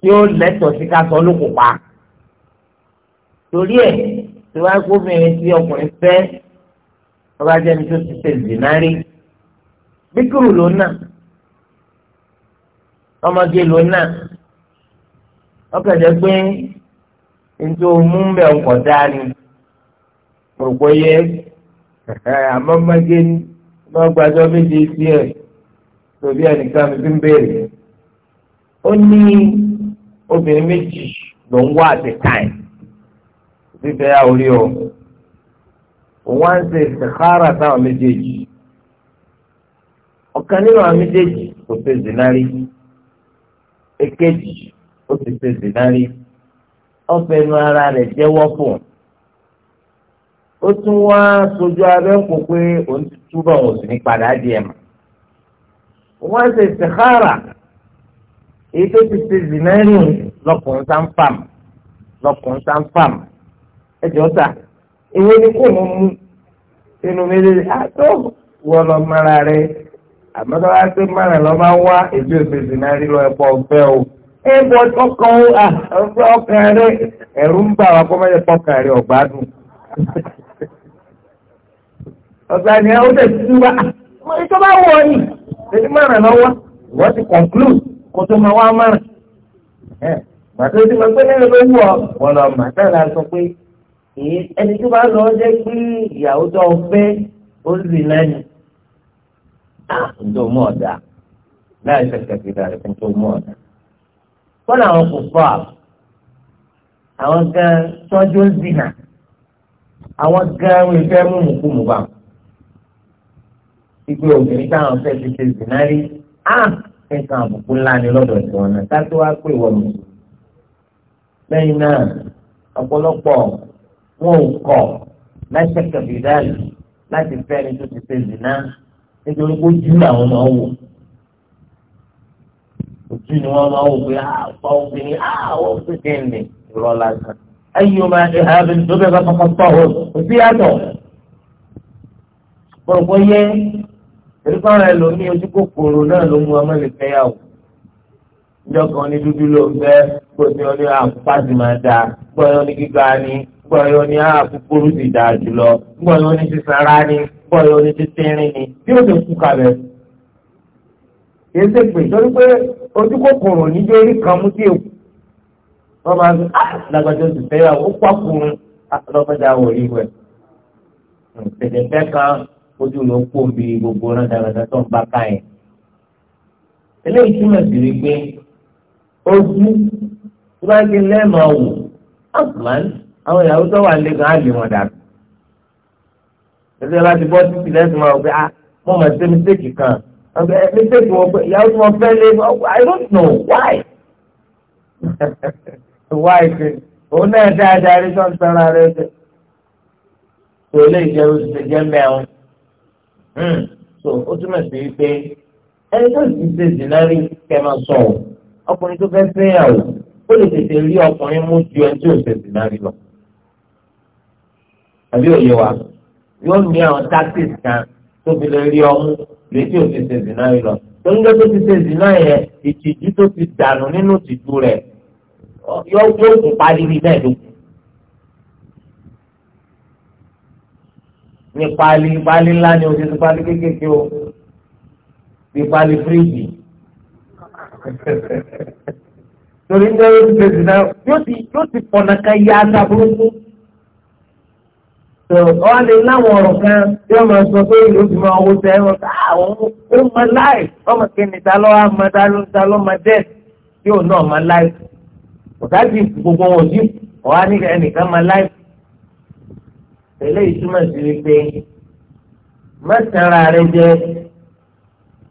tí ó lẹ́tọ̀ọ́ sí ká sọ lókùpa torí ẹ̀ tí wàá gbóbìnrin tí ọkùnrin fẹ́ ọba jẹni tó ti ṣe zinari bíkúrú ló náà ọmọge ló náà ọkàn jẹ pé ntí o mú bẹ ọkọ dáa ni òpó yẹ àmọ́ ọmọge ní ọgbàjọ méje sí ẹ tòbí ẹnìkan mi fi ń béèrè ó ní obìnrin méjì ló ń wá àti táì fífẹ́ àwòrí o wọ́n ń ṣe istikhara táwọn méjèèjì ọ̀kan nínú àwọn méjèèjì kò ṣe zinari èkejì ó ti ṣe zinari ọ̀fẹ́nu ara rẹ̀ jẹ́wọ́ fún un ó tún wá sojú abẹ́ ń kó pé òun ti túbọ̀ òun sì ní padà díẹ̀ mọ́ wọ́n ṣe istikhara èyí tó ti ṣe zinari lọ́kùnrin sáńpàm lọ́kùnrin sáńpàm ẹ̀jọ̀ sáà ìwé ni kò mú mú inú méjèèjì àtọ́ wọ́n lọ mara rẹ àmọ́ tó bá pé mara lọ bá wá èdè òṣèṣì náà rí lọ ẹ̀pọ̀ ọ̀fẹ́ o ẹ bọ ọkàn ọ̀fẹ́ ọkàn rẹ ẹ̀rù ń bà wá kó má yẹ kọkàn rẹ ọ̀gbádùn ọ̀gbà ni ó tẹ̀ sí wa ìtọ́ bá wọ̀ ni èdè mara lọ́wọ́ wọ́n ti conclude kó tó máa wá mara ẹ̀ màtó ti máa pé lẹ́yìn ló wù ọ́ wọ́n lọ màtá là sọ pé ẹni tó bá lọ jẹ́ pé ìyàwó tó ń fẹ́ ó lè lẹ́nu ǹjọ́ mọ̀ ọ̀dà láì ṣẹ̀ṣẹ̀ fi dàrẹ́ fún tó mọ̀ ọ̀dà. kọ́nà àwọn kò fọ́ àwọn gan tọ́jú zina àwọn gan wọn ìfẹ́ mú mùkúmù bá ìgbé obìnrin táwọn fẹ́ ti ṣe zina rí á nǹkan àbùkù ńlá ni lọ́dọ̀ ìwọ̀n náà ká tó wá pé ìwọ̀n mùsùlùmí lẹ́yìn náà ọ̀pọ̀lọpọ̀ wọn ò kọ̀ láṣẹ kẹfìdálì láti fẹ́ni tó ti ṣe zìnà nítorí pé ojú làwọn máa wò ojú ni wọn máa wò pé àwọn ah, obìnrin àwọn ah, obìnrin ni ìrọ̀ lásán ẹ̀yìn ọmọ ìhàbí tó bẹ bá kọ́kọ́ tọ̀ ọ́ kò sí yàtọ̀ pọ̀lọpọ̀ yẹ èyíkọ́ rẹ̀ lò ní ojú kòkòrò náà ló mú ọmọ ìfẹ́ yà wò ní dúdú ló ń fẹ́ kó ní ọ ní máa dáa gbọ́ ní gíga ní gbọ́ yóò ní àbúkúrú ah, ti dáa jùlọ gbọ́ yóò ní sísanra ni gbọ́ yóò ní títínrín ni bí ó ti kú kalẹ̀. kì í ṣe pé torí pé ojú kòkòrò níjẹ́ orí kan mú sí èkó wọ́n máa ń lágbàdo ti fẹ́ yà ó pàkùrún ah, lọ́kọ̀dá wòlíì wẹ̀. Hmm, tẹ̀tẹ̀fẹ́ kan ojú ló kó bí gbogbo náà dáradá tó ń bá ká yẹn. eléyìí túmọ̀ sí wípé ojú tí wọ́n á gbé lẹ́ẹ̀mọ̀ wò àwọn ìyàwó tó wà lé á lè wọn dànù ẹsẹ láti bọ́ títí lẹ́sìn máa wọ pé ah mo mọ̀ sí mistake kan eh, mistake wọn pé ìyàwó tí wọ́n fẹ́ lé I don't know why why ṣe òun náà dáadáa rí sọ́n sanra rẹ ṣe tó lè jẹ́ oṣù jẹ́ mẹ́rin hmm. so ó túmọ̀ sí pé ẹni tó sì ṣe zinari kẹmọ sọ ọkùnrin tó fẹ́ fẹ́ ó lè tètè rí ọkùnrin mú ju ẹni tó ṣe zinari lọ àbí òye wa yóò ní àwọn tactics kan tó fi lè rí ọmú létí ò ti ṣe zina yìí lọ tóńgé tó ti ṣe zina yẹn ìtìjú tó ti dànù nínú ìtìjú rẹ̀ yóò yóò tún pariwo náà lókun. ní pali pali ńlá ni o ti ti pali kékèké o ti pali fíríjì torí ń dẹ́rù ti ṣe zina yóò ti yóò ti pọ̀nà kan yá ata burúkú wọ́n lè láwọn ọ̀rọ̀ kan bí wọ́n máa sọ pé ìlú ti máa owó tẹ ẹ̀rọ ah, àwọn ó máa láì ọmọ kìíní ta lọ́ wá máa dá ló ń ta lọ́ máa dẹ̀ yóò náà máa láì ọ̀dájú gbogbo wọn yìí ọ̀há ní ẹnìkan máa láì. eléyìí túmọ̀ sí wípé mọ́tara rẹ jẹ́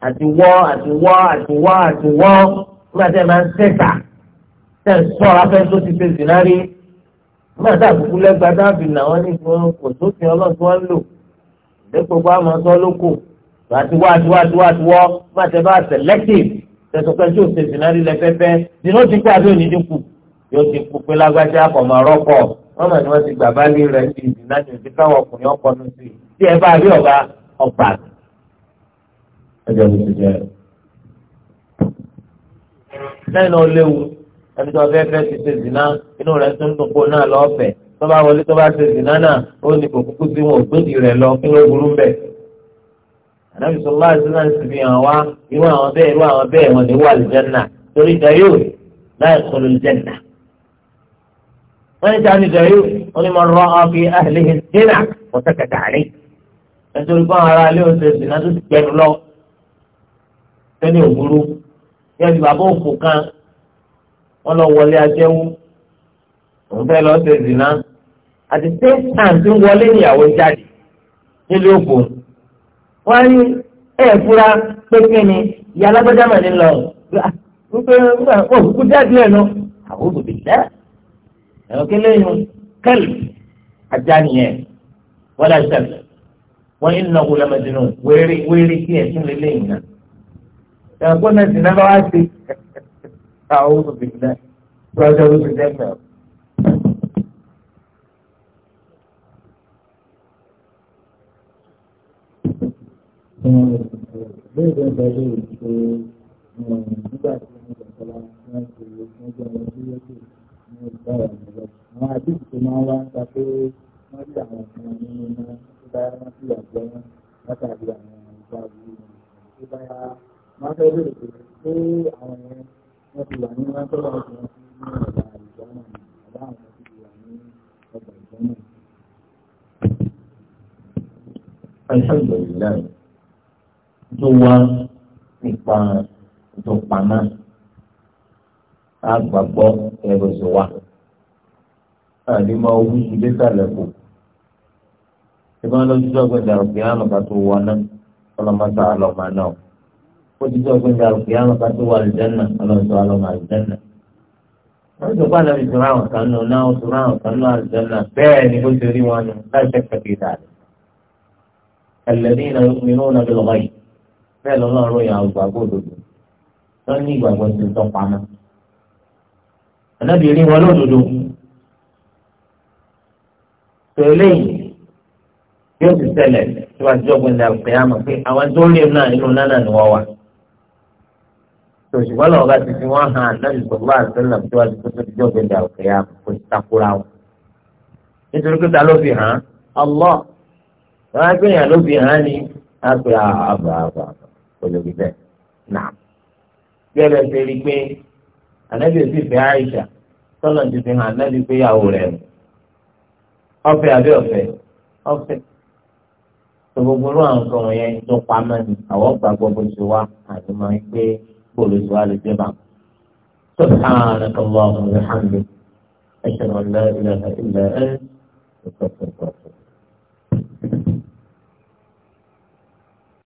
àtiwọ́ àtiwọ́ àtiwọ́ àtiwọ́ nígbà tí ẹ máa ń sẹ́ta tẹ̀ ń sọ̀rọ̀ afẹ́ tó ti ṣe zìnnárí náà dàbùkú lẹ́gbàá dábì náà ní fún kò sófin ọlọ́run tí wọ́n ń lò dépò bá máa sọ lóko àti wá àti wá àti wá àti wọ́ má tẹ bá selective tẹ̀sọ̀kẹ́ tí òṣèlú sinari lẹ́fẹ́fẹ́ dínú ti pé àbí òní dínkù yóò ti kú pé lágbájá àkọ́mọ rọ́pọ̀ wọ́n mọ̀ ní wọ́n ti gbà bálé rẹ̀ ní ìdìnnà ní òdì káwọn ọkùnrin ọkọ̀ nù sí tí ẹ bá rí ọ̀gá ọ̀gbà. lẹ́yìn náà ó léwu ẹni tó fẹ́ fẹ́ ti ṣe zìnà inú rẹ̀ tó ń dùn kó náà lọ́ọ̀fẹ́ tó bá wọlé tó bá ṣe zìnà náà ó ní kò kúkú sí wọn ò gbèdì rẹ̀ lọ kí ló burú bẹ̀. ànábì sọ láti sí náà sì fi hàn wá irú àwọn bẹ́ẹ̀ irú àwọn bẹ́ẹ̀ wọn ní wà lìjẹ́nà torí dayó láì sọ̀rọ̀ lìjẹ́nà. wọ́n ní sani dayó wọ́n ní mo rọ ọ́fì ahìlẹ́hìn dínà wọ́n tẹ̀ kẹ̀kẹ́ àlẹ́ nítorí wọ́n lọ wọlé ajẹ́wó òun fẹ́ lọ ṣe zìnnà àti same time tí ń wọlé níyàwó jáde nílé òkú wọ́n rí ẹ̀ fura pé ni ìyá alágbájá mà ní lọ wípé ah, wọ́n kúkú jáde ẹ̀ lọ àwọn òbí dẹ́ ẹ̀rọ kẹlẹ́ yìí kẹ́lì ajá nìyẹn wọ́n dà sẹ́lẹ̀ wọ́n yín nà wọlé mẹ́tìrún wéèrè wéèrè kí ẹ̀ tún lé lẹ́yìn náà ẹ̀rọ kọ́nà sì náà bá wá sí ẹ̀. أعوذ بالله رجل بالله Bẹ́ẹ̀ni ọ̀gá ilé ìṣe nígbà tí wọ́n gbà sọ́lá wọ́n ti wọ́n jẹ́ ọmọ tó yẹ́kù ní ìgbà ìrọ̀lẹ́. Àwọn àdéhùn tó máa alhamdulilayi tó wá nípa tó pamá agbàgbọ́ ẹrọsẹ wa àdìmọ owó ìdílé sàlẹ kù ìbáná lọ́jọ́ gbẹ̀dẹ̀ àrùkè àrùn ká tó wọ náà ọlọ́mọta àlọ́mọ náà ó ti jọ́ gbẹ̀dẹ̀ àrùkè àrùn ká tó wọ àlùjẹ́nà ọlọ́mọta àlọ́mọ àlùjẹ́nà wọ́n ti pa lórí ìtura àwọn kan nù náà ìtura àwọn kan nù àlùjáná bẹ́ẹ̀ ni bó ti rí wọn nù láì fẹ́ kẹ́kẹ́ dàdé. ẹlẹ́dínlá nínú nàbí lọ́wọ́ yìí bẹ́ẹ̀ lọ́nà ọ̀rọ̀ yà ọgbà gbòdòdò wọ́n ní ìgbàgbọ́ ti tọ́ pamọ́. ànábìrin wọn lódodo tẹ̀lé yóò ti ṣẹlẹ̀ tí wàá jọ́gbìn dàgbé àmọ́ pé àwọn tó rí náà nínú náà ni wọ́n wà tòṣùgbọ́n lọ́wọ́ bá ti fi wọ́n hàn lẹ́yìn tó bá àtẹ́lẹ̀ tó wá tó tó jọ gbẹ̀dẹ̀ àwòkẹ́yà kò takura wọn. nítorí pé ta ló fi hàn ọlọ́ wọn á gbẹ̀yàn ló fi hàn ni á pe àbà àbà olórí bẹ́ẹ̀ nà. bí ẹlẹ́ ṣe rí i pé ànábì òsì fẹ́ àìsà tọ́lọ̀ ti fi hàn ànábì pé ìyàwó rẹ̀ ọ̀fẹ́ àbí ọ̀fẹ́ ọ̀fẹ́ tó gbogbo ló àwọn sọ̀rọ̀ سؤال الجمع سبحانك اللهم وبحمدك أشهد أن لا إله إلا أنت أستغفرك وأتوب